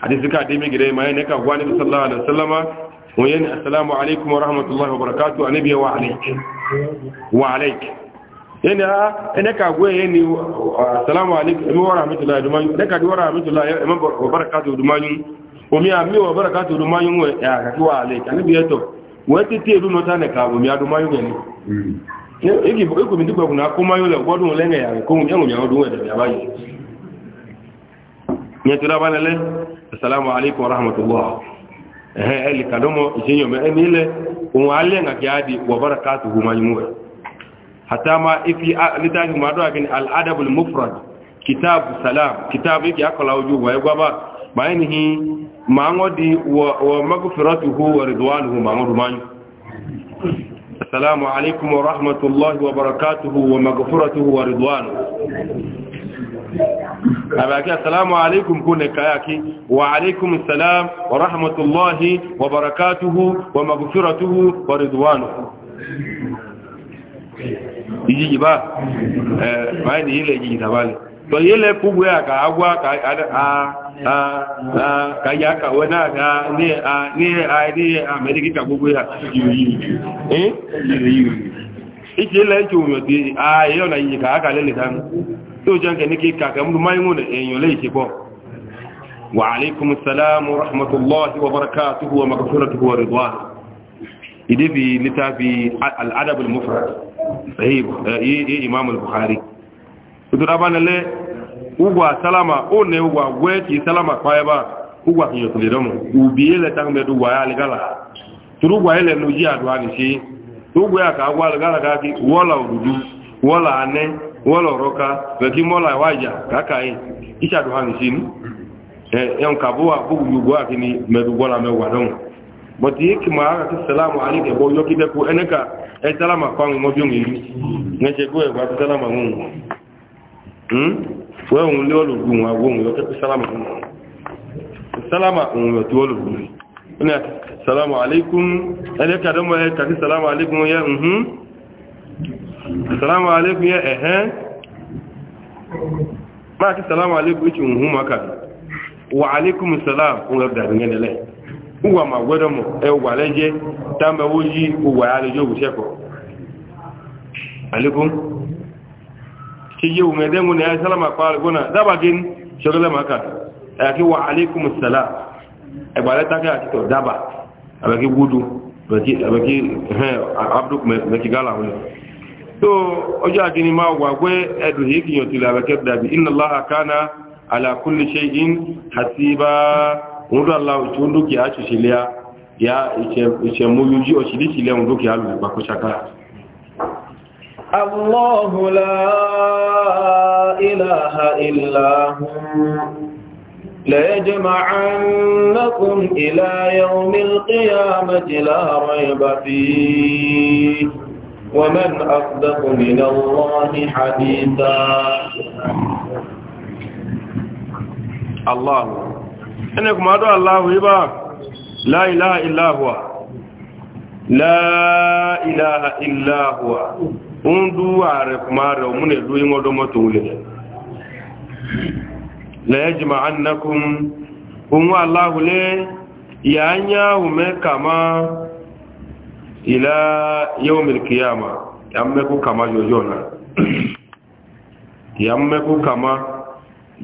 hadisi ka dai migire ma yana ka gwani sallallahu alaihi wasallama wayan assalamu alaikum wa rahmatullahi wa barakatuh annabi wa alayki wa alayki yana ina ka gwe yani assalamu alaikum wa rahmatullahi wa barakatuh daga wa rahmatullahi wa barakatuh dumanyu omi ami wa barakatuh dumanyu ya ka wa alayki annabi yato wati ti elu nota ne ka omi adumanyu ne igi mm. iko mi dikwa kuna ko mayo le gbadun lenga ya ko mi ya mi odun e da ya bayi nyɛtura bana lɛ asalaamu aleykum wa rahmatulah ɛhɛ ɛli kadomo ìṣeyɔmɛ ɛni lɛ òun alẹ́ ŋa kí a di wa barakatuhu ma ɲumu wɛ hata ma ifi litafi ma do akin al adab al mufrad kitab salam kitab yake akola oju wa egwaba ma yanihi ma ngodi wa, wa magfiratuhu wa ridwanuhu ma ngodu manyu assalamu alaikum wa rahmatullahi wa barakatuhu wa magfiratuhu wa abaki assalamu alaikum kune kayaki wa alaikum salam wa rahmatullahi wa barakatuhu wa maghfiratuhu wa ridwanuhu ijiji ba eh mai ni ile ijiji tabale to ile kubwa aka agwa, ka a a ka ya ka wana ga ni a ni a ni a mediki ka kubwa ya eh ile ile ichi ile ichi umyo ti a na ijiji ka aka lele tano tó jẹ́ kẹ́ ní kí kàkẹ́ mú máa ń wọ́n èèyàn lè ṣe bọ́ wà aléìkùn salamu rahmatullahi wa barakatuhu wa maghfiratuhu wa ridwa ìdí fi lítàfi al'adab al-mufrad sahih eh, eh, eh, imam al-bukhari bá nílẹ̀ ugwa salama ó ní ugwa wẹ́ẹ̀tì salama kwaya ba ugwa kìí yọ̀tún lè dánmù ubi ilẹ̀ tán mẹ́dù wà yá aligala anẹ́ waloroka weki mola waja kaka e aka salamu alayka bo yoki e salama kwangu mo jungi ne je go e ba salama mungu hm we un le wa wo salama mungu salama un yoki ologun ne salamu alaykum alayka damo e ka salamu alekum ya salamu alaikum ya ehe eh. ma ki salamu alaikum ichi hun maka wa alaikum salam kun rabda ni nele uwa ma gwedo mo e eh, wa leje ta ma woji uwa ya leje ogu seko alaikum ki yewu me dengu ne ya eh, salama kwa algona daba gin shogala so ọjọ́ àdínní máa wà pé ẹ̀dùn yìí na ti lè àbẹ̀kẹ́ dàbí iná láha kánà àlàkúnlé ṣe in àti bá òǹdó aláwọ̀ tí ó ń dókè ya lẹ́yà yá ìṣẹ̀móyójú ọ̀ṣìlíṣì lẹ́hùn dókè alùpàá kó ṣaká الله لا إله إلا ليجمعنكم إلى يوم القيامة لا ريب فيه ومن أصدق من الله حديثا الله إنكم أدعى الله إبا لا إله إلا هو لا إله إلا هو undu arekumare omune du ingodo motule la yajma annakum unwa allah le yanya umekama ila yawmil qiyama yamme ku kama yoyona yamme ku kama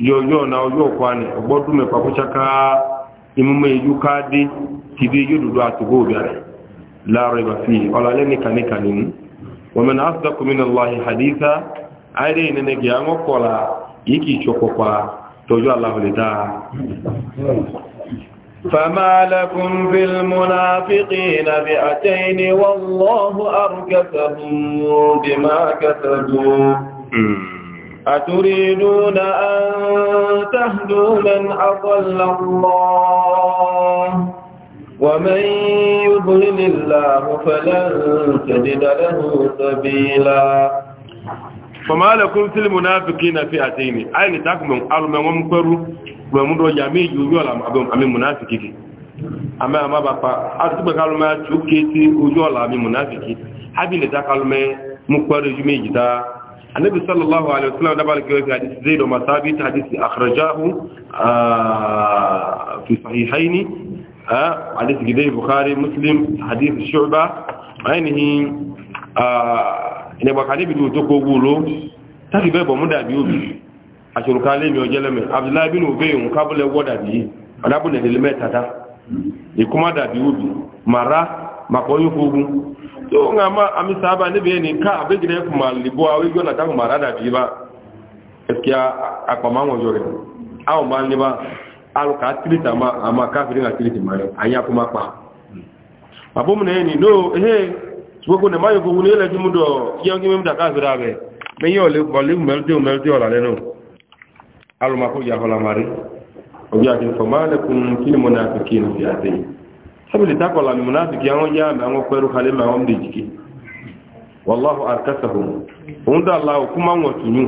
yoyona oyo kwani ogbodume kwa kuchaka imume yukadi tibi yududu atugo bare la raiba fi wala leni kanika nini wa man asdaqu min allahi haditha aire nene giyango kola yiki choko kwa tojo allah lita فما لكم في المنافقين فئتين والله أركسهم بما كسبوا أتريدون أن تهدوا من أضل الله ومن يضلل الله فلن تجد له سبيلا fama la kun fil munafiqina fi atini ayni takum alma ngom kweru mo mu do jami ju yola abum ami munafiqi ama ama ba pa atuba kalma chuketi ujola ami munafiqi habile takalme mu kweru jumi jita النبي صلى الله عليه وسلم دبل كيف حديث زيد ومثابت حديث أخرجاه في صحيحين حديث جدي البخاري مسلم حديث الشعبة عينه ẹnẹgbà kan níbi tó jókòó wúlò tàbí bẹ́ẹ̀ bọ̀ mú dàbí òbí àṣòrùká lẹ́mí ọjẹ́lẹ́mẹ̀ abdullahi bin obe òun kábúlẹ̀ wọ́ dàbí adábùnẹ̀ lè mẹ́tàdá ìkúmá dàbí òbí màrá màkọ́yún fogun tó ń ga máa àmì sábà níbi ẹni ká àbẹ́gìrẹ́ fún ma lè bọ́ àwọn ìjọ́ nàtàkù màrá dàbí bá ẹ̀kí àpàmáwọn gbogbo ne mayo gbogbo nílẹ̀ tí mú dọ̀ kí ọ́n kí mẹ́mú dàkà àfẹ́rẹ́ abẹ mẹ́yìn ọ̀lẹ́ ọ̀lẹ́ mẹ́lẹ́dẹ́ mẹ́lẹ́dẹ́ ọ̀là lẹ́nu alùmọ̀kọ́ yà hàn lamari òbí àti fọmálẹ́kùn kí ni mọ́nàfikì ní ìyàtẹ́ yìí sábìlì takọ̀lá mi mọ́nàfikì àwọn yá mi àwọn pẹ́rú halẹ́ mi àwọn mdè jìkì wàláhù àrkásahùn òun dà láwù kúmáwọ̀ tùnú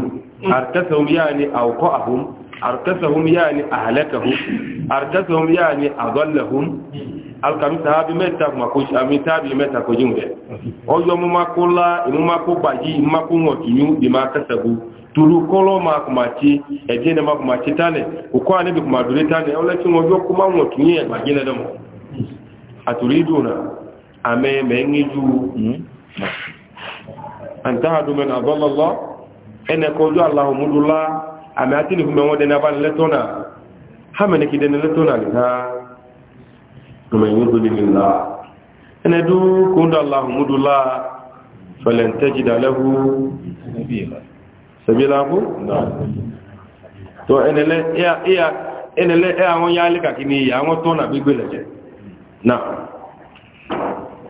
àrkásahùn mm. yá ni àwùkọ́ àhùn arkasahum yani ahlakahum arkasahum yani adallahum alkami sahabi meta kuma ko ami tabi meta ko jinde ojo mu makola imu mako baji mako ngotinyu di makasabu tulu kolo ma kuma ti ejene ma kuma ti tane uko ani bi kuma dure tane ola ti ngojo kuma ngotinyu e magine demo aturiduna ame mengiju anta hadu men adalla ene ko jo àmì àti nìkú mẹ́wọ́n dẹni abánilẹ́tọ́ náà hàmẹ́ni kì dẹni lẹ́tọ́ náà nìta ọmọ la tó nínú ìlà ẹni dún kóńdà na fẹlẹ̀ntẹ́jìdà ya, sẹ̀bíláàbù tó ẹnẹlẹ́ ẹ àwọn yálẹ́kàkí ni ìyà àwọn tọ́nà gbígbé na náà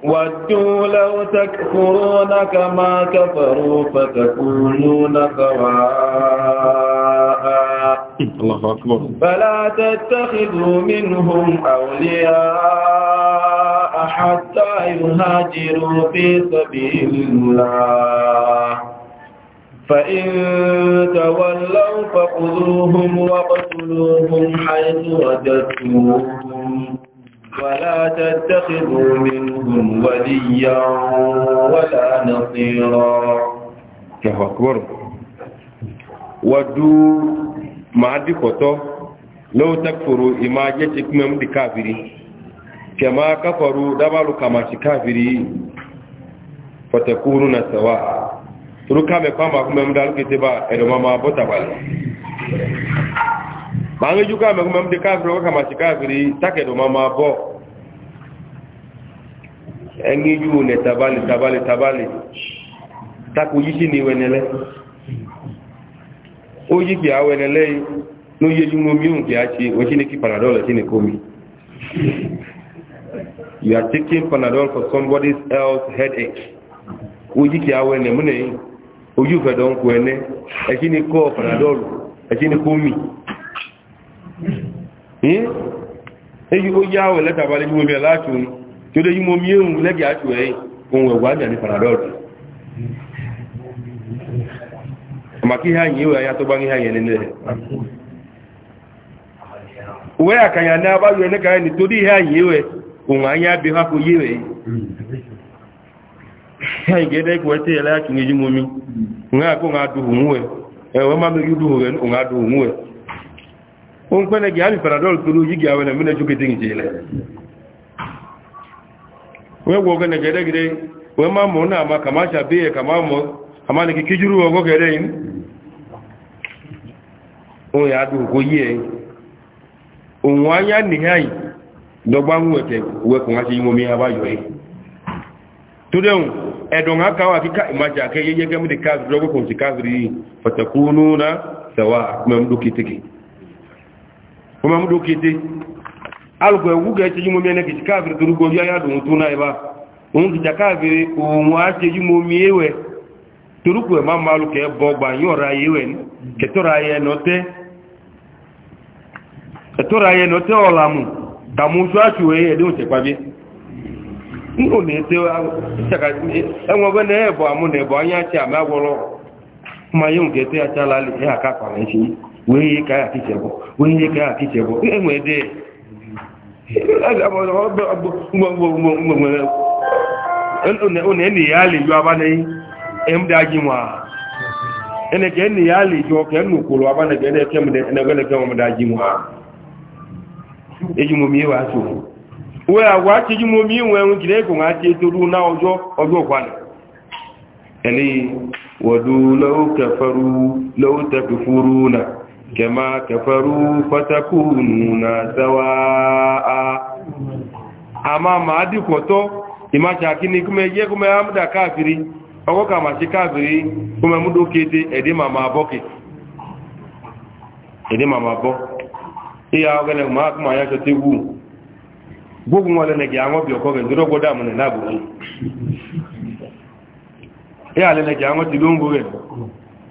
ودوا لو تكفرون كما كفروا فتكونون سواء الله أكبر فلا تتخذوا منهم أولياء حتى يهاجروا في سبيل الله فإن تولوا فخذوهم وقتلوهم حيث وجدتموهم ولا تتخذوا منهم وليا ولا نصيرا الله أكبر ودوا ما دي خطو لو تكفروا إما جيتك من دي كافري كما كفروا دبالوا كما كافري فتكونون سواء تركا مقام أكمل مدالك تبا إنما ما بطبالي ma ń jú káàmẹ́ kúmọ́ mdé káàkiri wọ́n kàmà sí káàkiri tákẹ̀dọ̀ ma máa bọ́ ẹni yíò nẹ̀ tabali tabali tabali tako yí sí ni wẹnẹlẹ́ ó yí kìí awẹnẹlẹ́ ló yé jú mọ́mí òun kìí ṣe wọ́n sí ní kí panadol sí ní kómi you are taking panadol for somebody else headache ó yí kìí awẹnẹ múnẹ̀ ojú fẹ̀dọ̀ ń kú ẹnẹ́ ẹ̀kí ni kọ́ panadol ẹ̀kí ni kómi. Eh? eyi ó yá ọ̀rẹ́ tàbálẹ̀ yíwọ́ mi ẹ̀ láti òun tí ó dé yíwọ́ mi éhùn lẹ́gì àjò ẹ̀ ohun ẹ̀wà ní àní panadọ́ọ̀dù àmàkí ha yìí ìwé ayatọ́ bá ní ha yẹn nílẹ̀ òwe àkànyà ní abájú ẹ̀ níkàá ní torí ha yìí ìwé ohun ayé abẹ́ ha kò yíwẹ̀ ha yìí gẹ́gẹ́ kò ẹtẹ́ ẹ̀ láti ní yíwọ́ mi ń un kwene gi ami paradol tulu yigi awene mine juki tingi jile we wo gane gede gede we ma mo na ma kama sha biye kama mo kama ni kijuru wo gede yin o ya du ko ye un wa ya ni yeye gemu de kazu dogo sawa mem duki kuma mu doke te algo ewu ga ti jumo mene ki kafir duru go ya ya dun tuna iba un ki kafir un wa ti jumo mi ewe turu ma malu ke bo yo ra yewe ke to ọrụ ye ke ye ola mu da mu so e e dun se pa bi ngo ne te wa e amu ne bo anya ti ma woro ma yun ke te acha la le e aka pa wee ihe ka ya ka ichegbu wee ihe ka ya ka ichegbu enwe dị ẹni ya lè yọ abánayí ẹmdájí wọn ẹnẹ̀kẹ́ ẹni ya lè yọ kẹ́nù kòrò abánayí ẹnẹ̀kẹ́ ọmọdájí wọn ejímomi wà ṣòfò furu na. كما كفروا فتكونون سواء أما ما دي كوتو إما شاكيني كما يجي كما يمدى كافري أو كما شكافري كما يمدو كيتي إدي ما مابوكي إدي ما مابو إيا أغنى ما كما يشتي وو gbogbo wọn lẹ́nẹ̀gẹ̀ àwọn bí ọkọ̀ rẹ̀ lọ́gbọ́dá mọ̀ nẹ̀ láàbò rẹ̀ ẹ́ àlẹ́nẹ̀gẹ̀ àwọn ti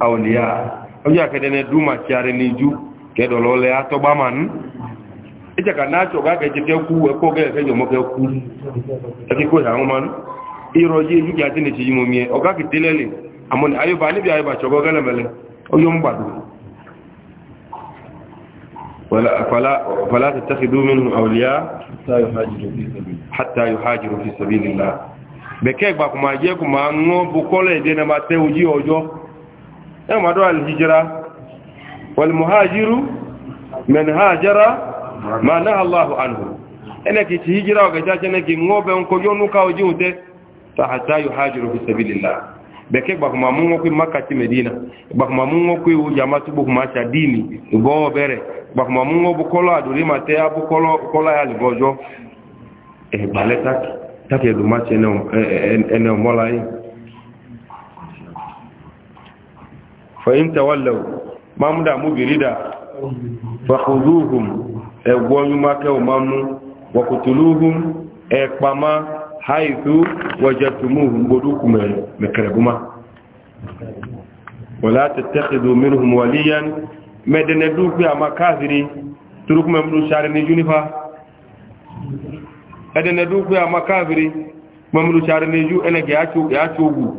awliya oja kedene duma tiare niju kedo lole atoba man eja kana choga ke jike ku e ko ge ke yomo ke ku ati ko ya man iroji ju ja tini ti yomo mie oga ki telele amon ayo ba ni bi ayo ba chogo gele mele oyo mbadu ولا فلا فلا تتخذوا منهم اولياء حتى يهاجروا في سبيل حتى يهاجروا في سبيل الله بكيك باكو ما جيكو ما نو بوكوله دينا ما تيوجي اوجو ẹmọ̀dọ́ alìhijira walmuhajiru man hajara ma náà allahu anhu ẹnẹ́kì ti hijira ọgajá jẹ́nẹ́kì ngọ́bẹ̀ ń kọjọ́ núká ojú tẹ́ tàhátá yóò hajjúrò fi sabilillah bẹ̀kẹ́ gbàkùnmàmú wọn ẹ̀gbàlẹ́ tákì tákì ẹnẹ̀ ọmọláyé fahim tawallau ma mu da mu biri da fahuzuhum ẹgbọ́nyú mákẹ́wò máa mú wọ̀kùtùlúhùn ẹ̀pàmá haìtú wọ́jẹ̀tùmúhùn gbódúkù mẹ́kẹrẹ̀gúnmá wọ̀lá tẹ̀tẹ̀kìdò mínúhùn wàlíyàn mẹ́dẹ̀nẹ́dúgbé àmá káàzìrí turukmẹ́mú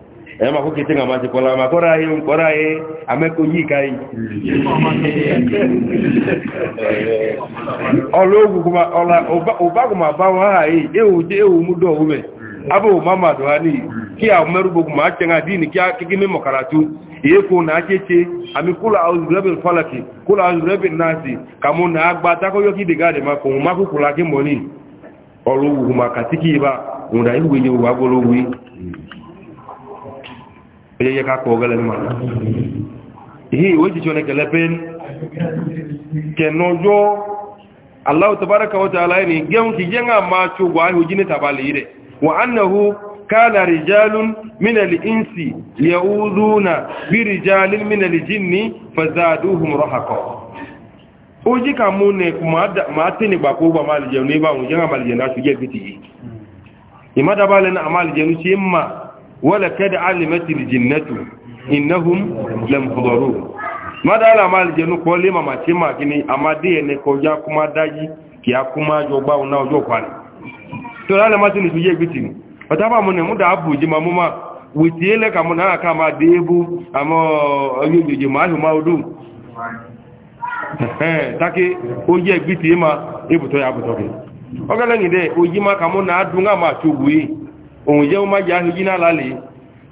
ẹ̀yẹ́ máa kó kété nà máa ti kọ́lá máa kọ́ra ayé kọ́ra ayé amẹ́kọ̀ọ́ yìí ha yìí. ọlọ́ọ̀gùn ọba máa bá wọn àyè ewu dé ewu mú wọ́n mẹ́ abẹ́ òun máa máa dọ̀wá kí a mẹ́rùgbò máa a ń àdínì kí kékeré mẹ́mọ̀ karatu èyí kò náà kéte àmì kàtíkì òun dà ele yẹ ká kọ ọgẹlẹ ní màá ihe ìwé jíjọ ní kẹlẹ pé kẹnà ọjọ́ aláwọ̀ tàbárakà wata aláìní gẹun kì yẹn àmà ṣogbà ahìojí ní tàbálì rẹ̀ wà annahu kánà rìjálún mínàlì insi yẹ̀úzúnà bí rìjálín mínàlì jínní fàzádúhùn rọ́hàkọ́ ó jí ká mú ní máa tí ní gbàkógbà máa lè jẹun ní ibáhùn yẹn àmà lè jẹun láti jẹ́ ولقد علمت الجنة إنهم لم يحضرون mada ala ma aljanu ko ma kini amade ne ko ja kuma daji ki akuma jo ba una kwani to ala ma tinu biye gbiti ata ba mo ne mu da abuji ma ma witi ele ka mo na ka ma debu amo ojojoje ma hu ma odu eh taki ma ebuto ya buto ke oji ma ka na ma onwe je maji ahụ gi nalali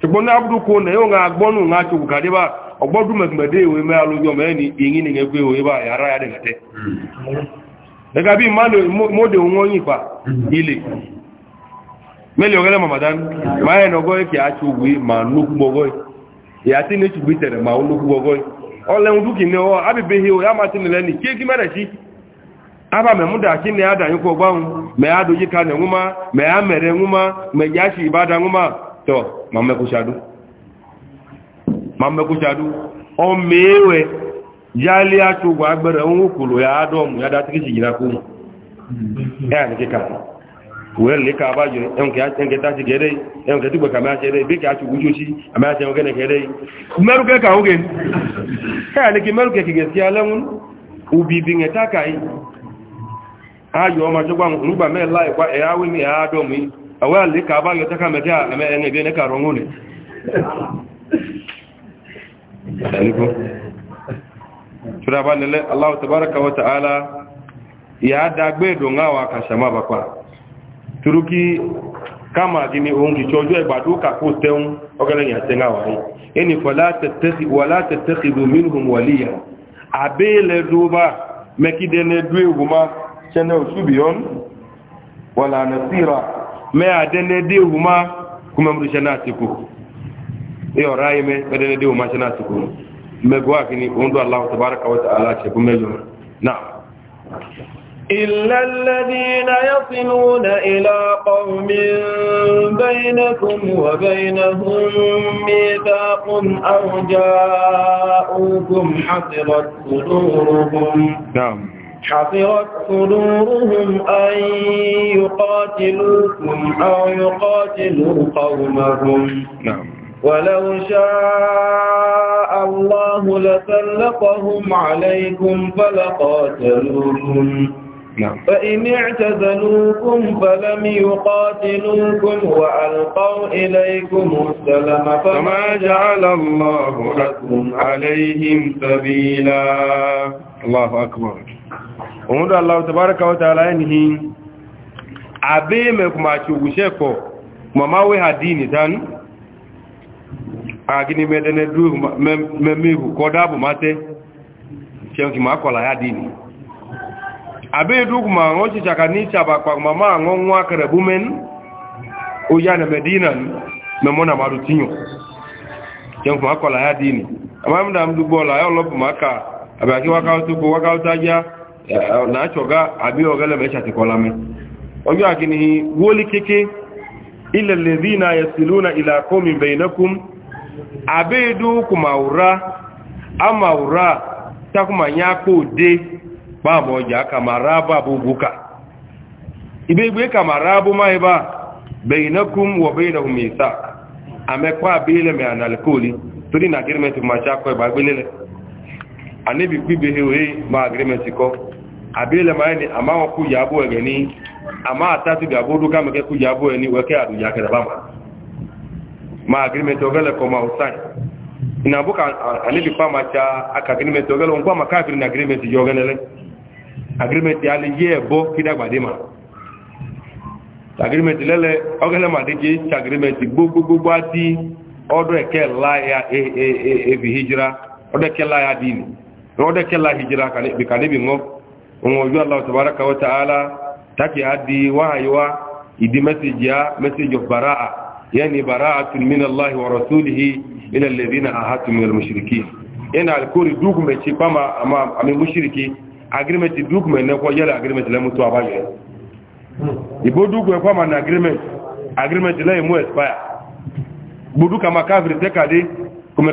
chekpon abụrụkwu na onwe agbọ na nha chekwu ka dịba ọgbọdụ mekmede ewe me alụ gị omee na enyi na egwu ewe ebe a yara ya dịgate dịgabi mmadụ mode onwe onye ile meli ogere mamadan ma ya na ogoy ma nnukwu ya ma nnukwu ya aba me muda kini ada yuko gbanwu me adu jika ne nguma me amere nguma me jashi ibada nguma ma mamme kushadu mamme kushadu o mewe ya adom ya dati kiji jina ku hmm. ya ni kika we le ka ba yo enke enke ta ti gere enke ti gbe ka ma sere bi ka ti si ne gere meru ke ka ke ubi bi ayọ̀ ọmọ tó gbàmù nígbà mẹ́lá ìkwá ẹ̀yáwí ní àádọ́mù yìí àwẹ́ àlékà àbáyọ̀ tẹ́kà mẹ́tẹ́ àmẹ́ ẹni ìbí ẹni kàrọ̀ ọ̀hún rẹ̀ turuki kama gini ohun kìí ṣojú ẹgbàdó kàkó tẹ́un ọgẹ́lẹ́yìn àtẹ́gáwà yìí ẹni wọlá tẹ̀tẹ́kì lómìnirùn wọlíyà àbẹ́ẹ̀lẹ́dó bá mẹ́kídẹ́lẹ́dó èwò máa chene usubiyon wala nasira me adene de huma kuma mrisha natiku iyo rai me adene de huma chana tiku me gwa kini undu allah tabaraka wa taala che kumejo na إلا الذين يصلون إلى قوم بينكم وبينهم ميثاق أو جاءوكم حصرت صدورهم نعم حفرت صدورهم أن يقاتلوكم أو يقاتلوا قومهم نعم ولو شاء الله لسلقهم عليكم فلقاتلوكم نعم. فإن اعتزلوكم فلم يقاتلوكم وألقوا إليكم السلم فما جعل الله لكم عليهم سبيلا الله أكبر òun dọ́ aláwọ̀ tàbárakà wọ́ta aláyẹ̀nìhì àbẹ́yẹ̀mẹ̀ kùmà àti òwúṣẹ́ kọ̀ mọ̀máwé àdínì dánú àgíní mẹ́dẹ́nẹ́ dúró mẹ́mẹ́hù kọ́dáàbù mátẹ́ ṣẹ́kì máa kọ̀lá àdínì àbẹ́yẹ̀dúkùmà àwọn ṣìṣàkà ní ìṣàbàpà mọ̀má àwọn ohun akẹrẹ̀bú mẹ́nu ó yá nà mẹ́dínà mẹ́mọ́nà márùtíyàn ṣẹ́kì máa kọ̀lá àdínì àmàmìdàmdúgbọ́ ọ̀là ayọ́ ọlọ́pù máa kà náàtsọ̀gá àbí ọ̀gẹ́lẹ̀ mẹ́ṣàtì kọlámi ọjọ́ àkíní wólí kéké ilẹ̀ lèzí na yẹ̀sìlú na ìlàkómi bẹ̀yìnẹ́kún àbẹ́ẹ̀dú kùmàwúrá amàwúrá takùmà nyákò dé báàbọ̀ ọjà kàmàrá bá gbogbo ká ibégbé kàmàrá bó máa bá bẹ̀yìnẹ́kún wọ bẹ̀yìnẹ́kún mẹ́ta àmẹ́kọ́ àbẹ́ẹ̀lẹ̀ mẹ́ ànàlẹ́kọ́ọ̀lì torí nàgẹ́rẹ́mẹ́tì máa ṣàkọ́ ìbàgbélẹ̀ abele maani ama wa ku yabo egeni ama atatu gabo du kama ke ku yabo eni weke adu yake dabama ma agreement ogele ko ma usai inabuka alibi pama cha aka agreement ogele na agreement yogenele agreement yale yebo kidagbadema agreement lele ogele madeje cha agreement gbogbo gbogbo ati odo la ya e e e bi e, e, hijra odo la ya dini odo la hijra kale bi kale onwoju allah tabaraka wa ta'ala take addi wahayiwa idi message ya message of bara'a yani bara'atun min allah wa rasulihi ila alladhina ahatu min al-mushrikeen ina alkuri dugme ci pama ama ami mushriki agreement dugme ne ko yala agreement la mutu abaye ibo dugme pama na agreement agreement la mu expire budu kama kafiri tekade kuma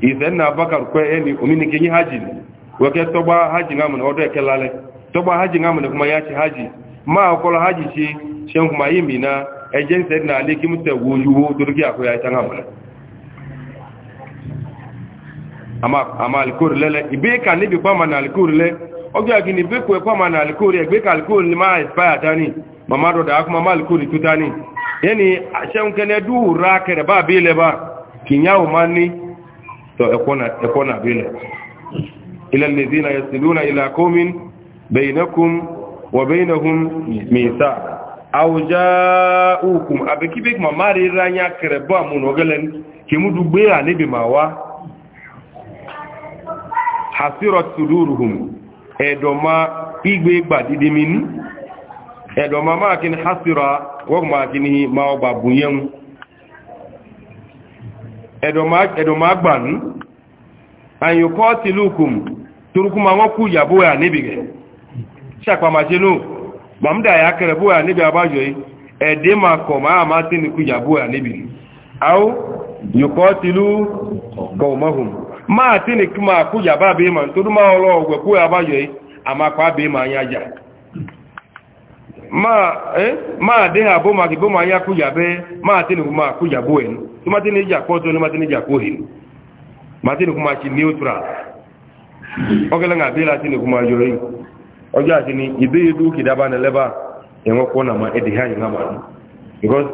ife na abakar kwe eni omini kenyi haji weke togba haji ngamuna odo ekelale togba haji ngamuna kuma yachi haji ma okolo haji chi shen kuma na ejen sed ali ki mute wujuwo turki ako ya ta ngamuna ama ama alkur lele ibe ka ni bi kwama na alkur le ojo agini be ko kwama na alkur e be ka ma expire tani mama do da kuma tutani yani shen kene du ra kere ba bile ba to ekona bene ila alladhina yasiluna ila qaumin bainakum wa bainahum mithaq aw ja'ukum abekibek mamari ranya kereba munogelen kemudu gbe anibi mawa hasirat suduruhum edoma igbe gbadidimini edoma makin hasira wa makin ẹ̀dọ̀mágbàn àyùkọ́ ti lùkùn torukuma wọn kú ìyàbó yà níbi gẹ̀ ṣàpàmàṣẹ́ nù mọ̀mdà ma kọ̀ máa máa tí ní kú ìyàbó yà níbi àwọ́ yùkọ́ ti lú kọ̀ọ̀mọ́hùn máa ma ní kí máa kú ìyàbá ma tó dúnmá ọlọ́ ọgbẹ̀ ya ma ń yájà máa ma kì bó ma tó má ti ní ìjà kóòtó ní má ti ní ìjà kóòhìn má ti ní kó máa ṣe neutral ọgẹ́lẹ́ ń àbí láti ní kó máa yọrí ọjọ́ àti ní ìbéèrè dúkì dábà ní lẹ́bà ẹ̀wọ̀n kọ́ nà ẹ̀dì hàn yìí because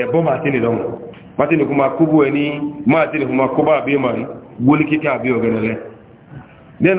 ẹ̀bọ́ ti ní lọ́mù má ti ní kó máa kóbó ẹni ti ní kó máa àbí wọlé kíkẹ́ àbí then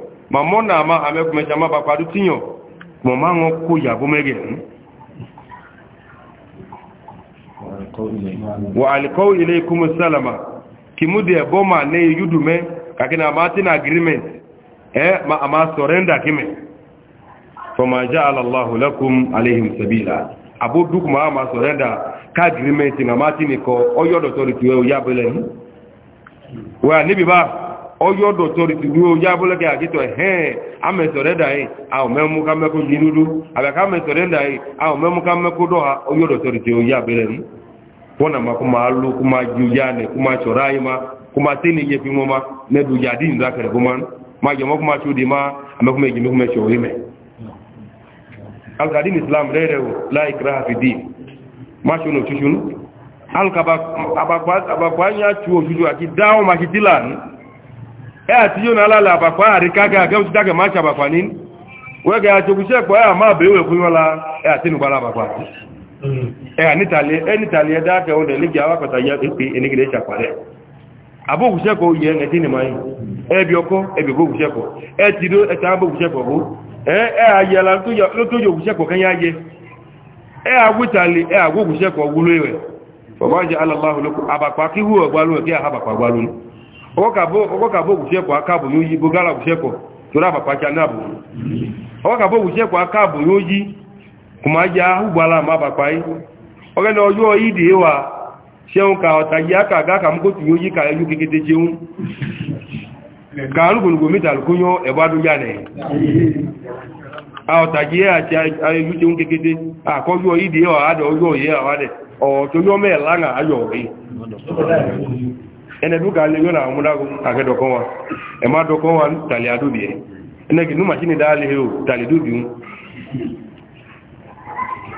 ma mọ na ama amẹkumẹsẹ ama bapadu tiyan mọ ma wọn kó yàgò mẹgẹ ń. wa alikọw ilé kumu salama kìmú di ẹbọ ma ne yudu mẹ kakina ama ti na agreement ẹ e, ma ama sọrẹnda kìmẹ fọmọ ajá alalahu lakum alehim sabila abo dukuma ama sọrẹnda ká agreement na ma ti ni kọ ọyọdọtọ rituwẹ o yabẹlẹ ni wa níbi bá. ọjọ́ dọ̀tọ́ rí tìlú ojú abúlẹ́kẹ́ àkítọ̀ ẹ̀hẹ́n amẹ́sọ̀rẹ́dà yìí a ò mẹ́mú ká mẹ́kó yínúdú àbẹ̀ká mẹ́sọ̀rẹ́dà yìí a ò mẹ́mú ká mẹ́kó dọ́ha ọjọ́ dọ̀tọ́ rí tìlú ojú abẹ́rẹ́ rí wọ́n nà má kó máa ló kó máa ju yá nẹ̀ kó máa sọ̀rọ̀ ayé ma kó máa tẹ́ ní yẹfi mọ́ ma mẹ́du yàdí ìdúrà kẹrẹ̀ kó ma máa jẹ́ mọ́ kó máa tó di ma amẹ́kúmẹ́ jẹ́ mẹ́kúmẹ́ sọ orí mẹ́. alukadi ní islam rẹ̀ rẹ̀ o láì kíra àfi dì má ṣe nà òṣùṣù nù alukaba abakwa anya tu òṣùṣù àti dáhùn màkìtìlá nù ea tinye na alala abakwa ghara ka ga aga ụta ga amacha abakwa n wee gaghachi okwuchi ekwa ya ma bụ ewe kwunyela atin gbara abakwa enitali ede aka ụlọ ele gị awakọta ya ekpe enegide chakwara abụ okwuchekwa oyi na etini manyị ebi ọkọ ebi ogbo okwuchekwa etiro eta abụ okwuchekwa bụ ee eyayela lótó yi okwuchekwa kanya ye e agwụtali e agwụ okwuchekwa gwuru ewe ọgbaji alallahu loko abakwa kihu ọgbalụ nke ha abakwa gbalụ ọkàbọ̀ òwùsẹ́kọ̀ akáàbò yóò yí gbogbo òwùsẹ́kọ̀ tó rábàpàá náàbò ọkàbọ̀ òwùsẹ́kọ̀ akáàbò yóò yí kò máa yá hùgbàlá máa bàpá yí ọgẹ́ni ọjọ́ ìdè wà ṣeun ka ọ̀tàyí akàgáka mọ́kòtù yóò yí kàyẹ́yú ene duka le yona amudago ake dokowa e ma dokowa tali adubi e ene ki numa chini dali hiyo tali dubi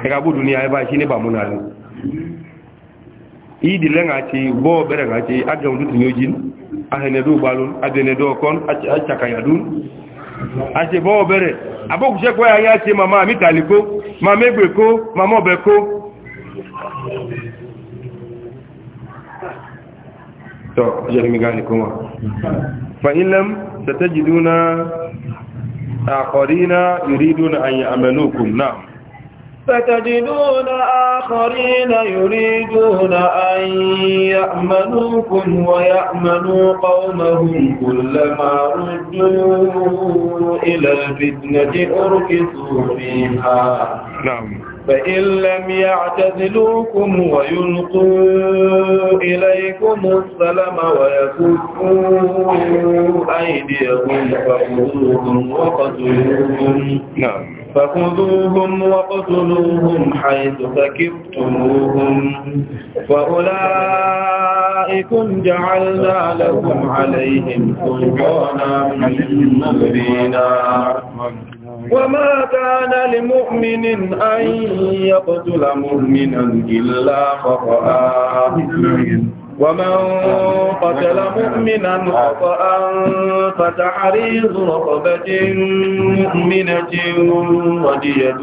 e ka bu duniya e ba chini ba munalu idi lenga ti bo bere nga ti aga undu tinyojin ahene du balun adene do kon achaka yadun ase bo bere aboku se ko ya ya ti mama mi ko, mama egbeko mama ko. to jami gani kuma fa illam satajiduna akharina yuriduna فتجدون آخرين يريدون أن يأمنوكم ويأمنوا قومهم كلما ردوا إلى الفتنة أركسوا فيها نعم فإن لم يعتزلوكم ويلقوا إليكم السلام ويكفوا أيديهم فخذوهم وقتلوهم نعم فخذوهم وقتلوهم حيث فكفتموهم فأولئكم جعلنا لهم عليهم سلطانا مبينا وما كان لمؤمن أن يقتل مؤمنا إلا خطأ ومن قتل مؤمنا خطأ فتحريض رقبة مؤمنة ودية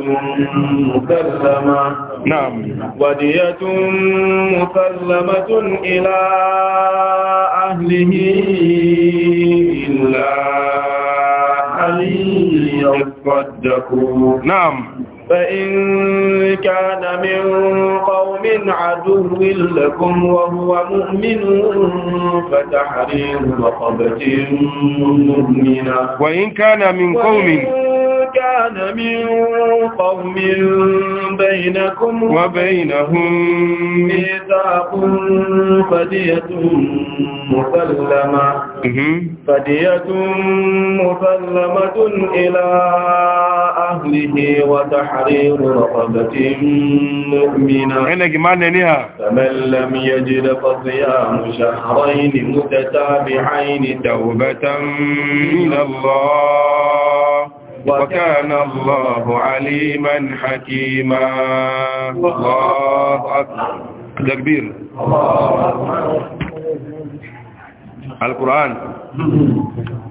مسلمة نعم ودية مسلمة إلى أهله إلا يصدقون نعم فإن كان من قوم عدو لكم وهو مؤمن فتحرير رقبة مؤمنة وإن كان من قوم كان من قوم بينكم وبينهم ميثاق فدية مسلمة فدية مسلمة إلى أهله وتحرير تحرير رقبة مؤمنة فمن لم يجد فصيام شهرين متتابعين توبة من الله وكان الله عليما حكيما الله أكبر تكبير الله أكبر القرآن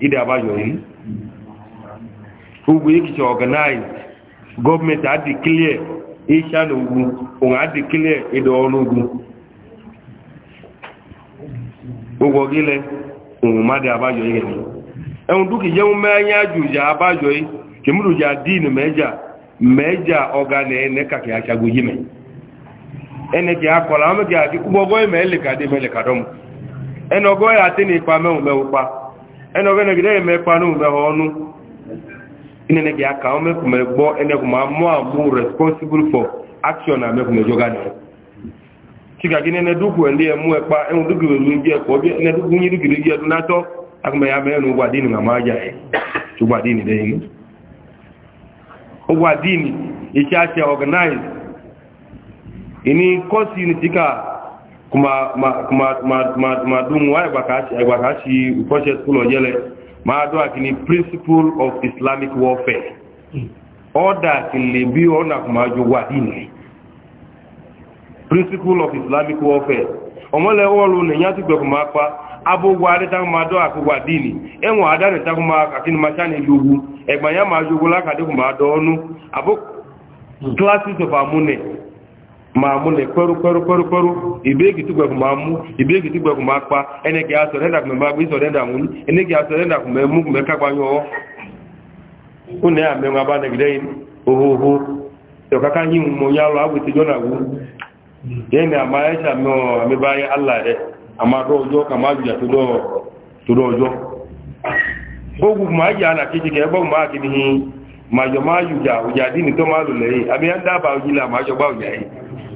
ide abayọ yìí ugwu ikicha organize gọọmenti adịkilie na ugwu ịdị ọrụ ugwu ụgwọ gịle ụmụmadị abayọ ihe ẹ̀hùn dúkì jẹ́ mú mẹ́yà jùjà abájọ́ yìí kì mú jùjà dínì mẹ́jà mẹ́jà ọ̀gá ní ipa pa ẹni ọgbẹ́ nẹgidẹ́ yẹn mẹ́pa ní ìgbà ọ̀nù iná nẹgi aka ọ mẹ́kùn mẹ́ gbọ́ ẹni àmú responsible for action na mẹ́kùn mẹ́jọ gánà tíga kí nẹ́nẹ́ dúkù ẹ̀ndí ẹ̀mú ẹ̀pa ẹ̀hún dúkù ìlú ń jẹ́ ẹ̀kọ́ bí ẹ̀nẹ́ dúkù yín dúkù ìlú yẹ́ dúnátọ́ akọ̀mẹ́yà mẹ́rin wà dínì màmá ajá kuma kuma kuma kuma kuma dum wa ibakashi ibakashi project school ojele ma do akini principle of islamic warfare order kile bi ona kuma jo wa dini principle of islamic warfare omo le wolu ne nya ti gbe kuma pa abo wa re ta ma do aku wa dini enwa adare ta kuma akini ma chani lugu egba ya ma jo la ka de kuma do onu abo hmm. classes of amune maamu ne kperu kperu kperu kperu ibe gitu gbɛ kuma mu ibe gitu gbɛ kuma kpa ɛnɛ kì asɔrɔ ɛnda kuma gbi sɔrɔ ɛnda mu ɛnɛ kì asɔrɔ mu amɛ ba nɛgidɛ yi hohoho tɛ kaka nyi mo nyalɔ awo ti jɔna wu yɛn ama ɛsɛ amɛ ɔ amɛ ba yɛ ala yɛ ama dɔ ɔjɔ kama adu to dɔ ɔjɔ o ayi ana kiti kɛ hi ma ayu dza ɔdza di ni ma lò lɛ yi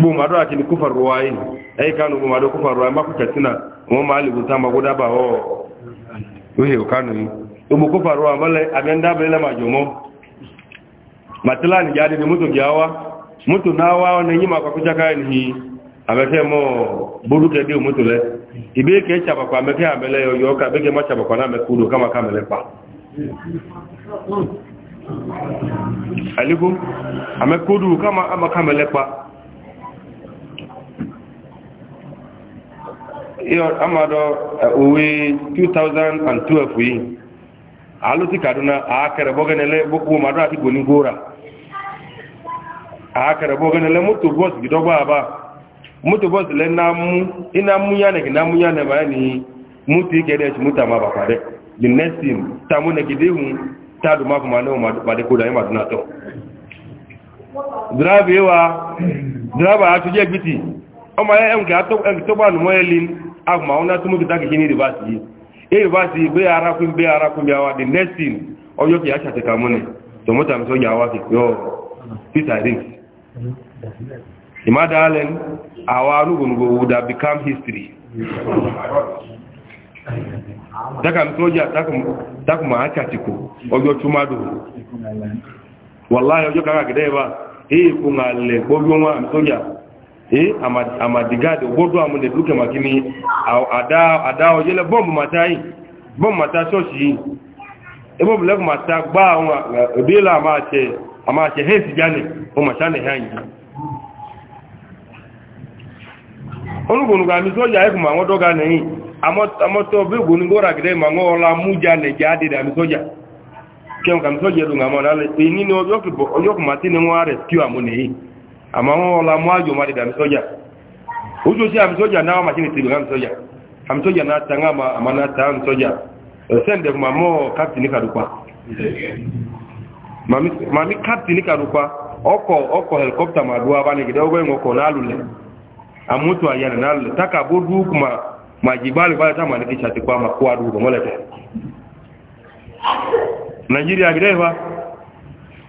bumado akini kufa ruwai ai kanu bumado kufa ruwai maku katina mo mali gutamba gudaba ho oh. uhe ukanu yi umu kufa ruwa male agenda bele majomo matlani jadi ni mutu gyawa mutu nawa ne nyima kwa kuchaka ni ametemo buruke dio mutu le ibeke chaba kwa meke amele yoyoka beke machaba kwa na mekudo kama kamele pa alikum amekudu kama ama kamele pa amadɔ owe 2012 yìí alo ti kaduna akɛrɛ bɔgɛnɛ lɛ boko ma do ati gboni gora akɛrɛ bɔgɛnɛ lɛ moto bɔs gidɔ bɔ aba moto bɔs lɛ namu inamu yanɛ ki namu yanɛ ma yɛ ni muti kɛdɛ ti muta ma bapa dɛ the next team tamu nɛgide hun ta do ma kuma ne o ma de ko da ye ma duna tɔ drabe wa draba atujɛ gbiti ɔma yɛ ɛnkɛ atɔ ɛnkɛ tɔgba numu yɛ lin agma ona tumu kitaki hini rivasi e rivasi be ara kun be ara kun be awa the next thing oyo ki acha teka mune to mota mso ya wa ki yo peter rings imada allen awa nugo would have become history taka mtoja taka maacha tiku oyo tumadu wallahi oyo kaka kideba hii kunga le mtoja eh amadigade wodo amune duke makini ada ada oyele bomb matai bomb mata soshi e bomb lek mata gba won e bila ma se ama se hesi jani o ma sane hanyi olugunu ga mi so ya eku ma won doga yi amo amo to be gunu gora gide ma won ola muja ne jadi da mi soja kem kam soje ma mo na le e ni no yoki bo yoki matini won are skill amune yi amaola mwajo la mú msoja ujo si amsoja nawa machini àmìsọ́jà náà máa ṣe lè tèbè amana ta msoja sende mamo ta àmìsọ́jà ẹ̀sẹ̀ǹdẹ̀ mami mami káàtì ní kàdùpá oko oko hẹlikọ́pítà madua bani kidogo nìgidẹ́ ọgbẹ́ amutu ayana nalule taka àyànà kuma majibali táka tama dúkù mà mà jìgbàlù bá táwọn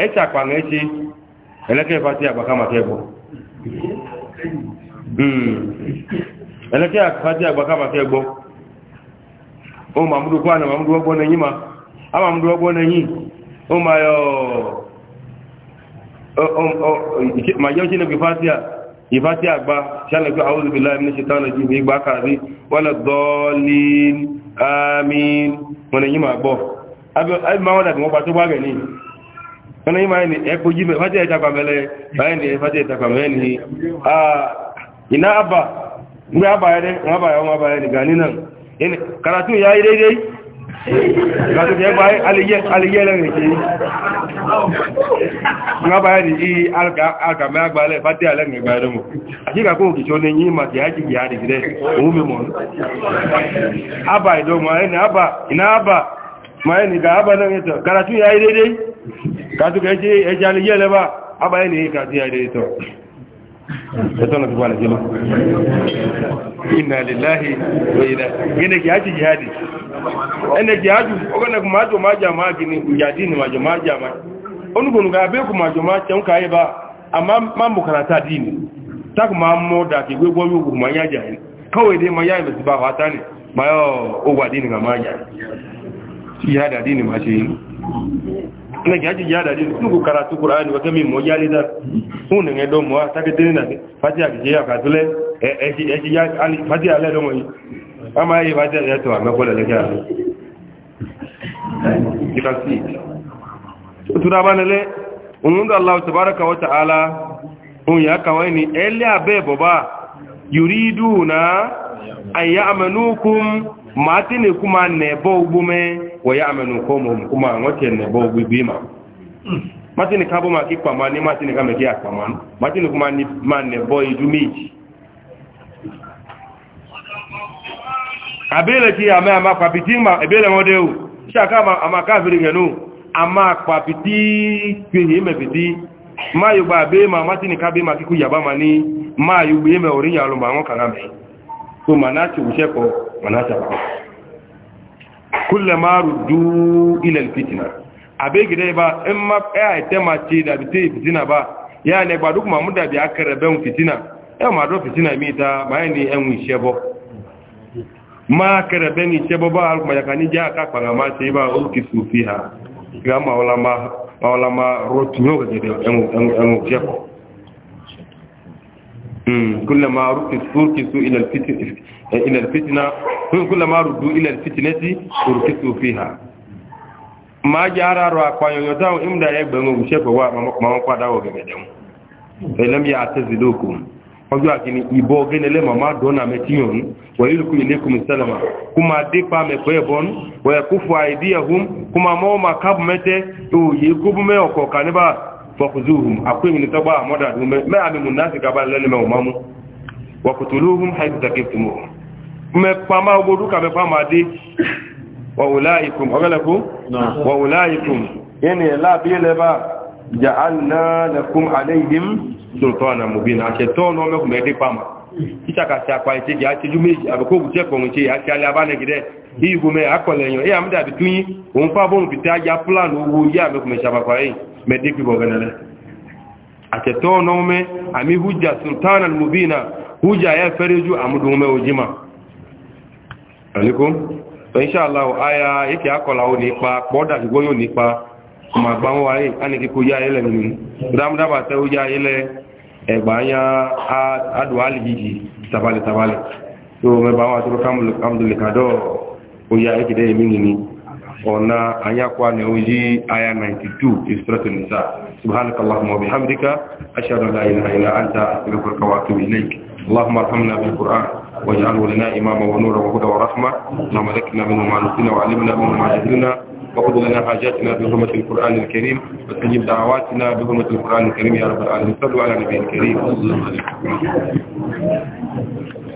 ẹ̀ẹ́tì àpànà ẹ̀ṣe ẹlẹ́kẹ́ ìfà tí àgbàkámà kẹ́bọ̀ ẹlẹ́kẹ́ ìfà agba àgbàkámà kẹ́bọ̀ o mamudu ma ànà mamudu na ẹ̀yìn ma a mamudu ọgbọ́n ẹ̀yìn o ma yọ ma yọ ṣe nípa ìfà tí àgbà ṣánàkú àwọn ẹ̀mí ṣe tánà jù ní ìgbà kàrí wọ́n lè dọ́ọ̀lì àmì wọn ẹ̀yìn ma gbọ́ abẹ́ ma wọ́n dàbí wọ́n pa tó rẹ̀ ní kana yi mai ne ya koji mai fata ya takwa mele bayan ne ya fata ya takwa mele ne a ina abba nga abba ya dai nga abba ya nga abba ya ne gani nan in karatu ya yi daidai karatu ali bayi aligiyar ne ke yi nga abba ya ne yi alka mai agba alai fata ya lai ne bayan mu a shi ka ko kicho ne yi mata ya kiki ya da gidai ohun mu abba ya don ma ya ne abba ina abba ma ya ne ga abba nan ya karatu ya yi daidai kàtùkà ẹjẹ́ alẹ́ yẹ́ lẹ́bà abáyé ní kàtí ẹ̀rẹ́ ìtọ̀ ẹ̀tọ́nà tó wà lẹ́jẹ́ lọ iná lèláhì lóyìnà gẹ́nẹ̀ ájì jihadi ẹnẹ̀ kìí ájù ọgọ́nẹ̀kù máa jọ máa jàmá gini ìjàdí ni máa jọ máa jàmá onígbònùgbà abẹ́kù máa jọ máa tẹ́ ń káyé bá a máa mọ̀ kàràtà dìínì tákù máa mọ́ dàkì gbégbọ́ yóò máa yájà yìí kọ́wé dé máa yá ìbẹ̀sí bá wà jihadi àdìínì máa ṣe yìí na jaji yada din sun ku karatu qur'ani wata min mo yali da sun ne do mo ta ke tin na fatiha ke ya ka tule e e ji e ji ya ali fatiha ah, ah, ah, le do mo yi ama yi fatiha ya to ma ko le le ka ni ka si tura ba ne le unun da allah tabaaraka wa ta'ala un ya ka wani ele abe boba yuriduna ayamanukum mate ne kuma nebo ugbume waya amenu komo kuma ngoche nebo ugbima mate ne kabo maki kwama ni mate ne kame kia kwama mate ne kuma ni mane nebo idumiji abele ti ame ama kwapiti ma ebele modeu shaka ama, ama kafiri ngenu ama kwapiti kwenye imepiti ma yugba abe ma mate ne kabe maki kuyaba mani ma yugbe ime orinya alumba ngo kaname so manachi usheko wala tabahu kullama ruddu ila alfitna abe gide ba in ma ya ite ma ce da bite fitina ba ya ne ba duk mamu da bi akare ben fitina ya ma do fitina mi ta ma ni en wi shebo ma kare ben ni shebo ba al kuma ya kan ja ka kwa ma ce ba o ki sufiha ga ma wala ma wala ma rotu nyoga gide en en en shebo كلما ركزوا إلى الفتنة إلى الفتنة كلما ردوا إلى الفتنة ركزوا فيها ما جارا روا كانوا يدعون إم دا يبغون مشيكوا وما ما قدروا بيدهم فلم يعتزلوكم ọjọ́ àkíní ìbọ̀ ọgẹ́ni ẹlẹ́mọ̀ máa dọ́nà mẹ́tíyàn wẹ̀lúkú ilékùn sẹ́lẹ̀mà kú máa dípa mẹ́kọ́ ẹ̀bọ́n wẹ̀kú fún àìdíyàhún kú máa mọ́ ọmọ kábùmẹ́tẹ́ òòyè gómìnà ọkọ̀ọ̀kan níbà فخذوهم أقيموا نتبع مدعهم ما أمم الناس كبال للم ومامو وقتلوهم حيث تكفتموهم ما فما وبدوك ما فما دي وأولئكم أغلقوا وأولئكم يعني لا بيلبا جعلنا لكم عليهم سلطانا مبينا أشتون ومكم يدي فما إذا كنت أقوى إنتي أشتجو ميجي أبقوا بتيكم إنتي أشتالي أبانا كده igume akɔlɛnyɔ eya mi dabi tunyi òun fa bó ń fi tẹ́ ajá plan owó yé àmì kùmẹ̀ sàbàkọ̀ yìí mɛ dé kpibọ̀ gẹ́nẹ́ dɛ àtẹ̀tọ́ náà àmì hujja sultana mubina hujja yẹ fẹ́rẹ́ ju àmúdùn mɛ òjì ma. alikum inshàlá aya eke akɔla nípa kpọ́dà ṣùgbọ́n yóò nípa ọmọ àgbà wọn wáyé anìkí yá ayélẹ̀ nínú dáadáa oya ekide yemingini ona anya kwa ne oji aya 92 israt nisa subhanaka allahumma wa bihamdika ashhadu an la ilaha illa anta astaghfiruka wa atubu ilaik اللهم ارحمنا بالقران واجعله لنا اماما ونورا وهدى ورحمه اللهم ذكرنا منه ما نسينا وعلمنا منه ما جهلنا وقضوا لنا حاجاتنا بحرمة القرآن الكريم وتجيب دعواتنا بحرمة القرآن الكريم يا رب العالمين صلوا على نبي الكريم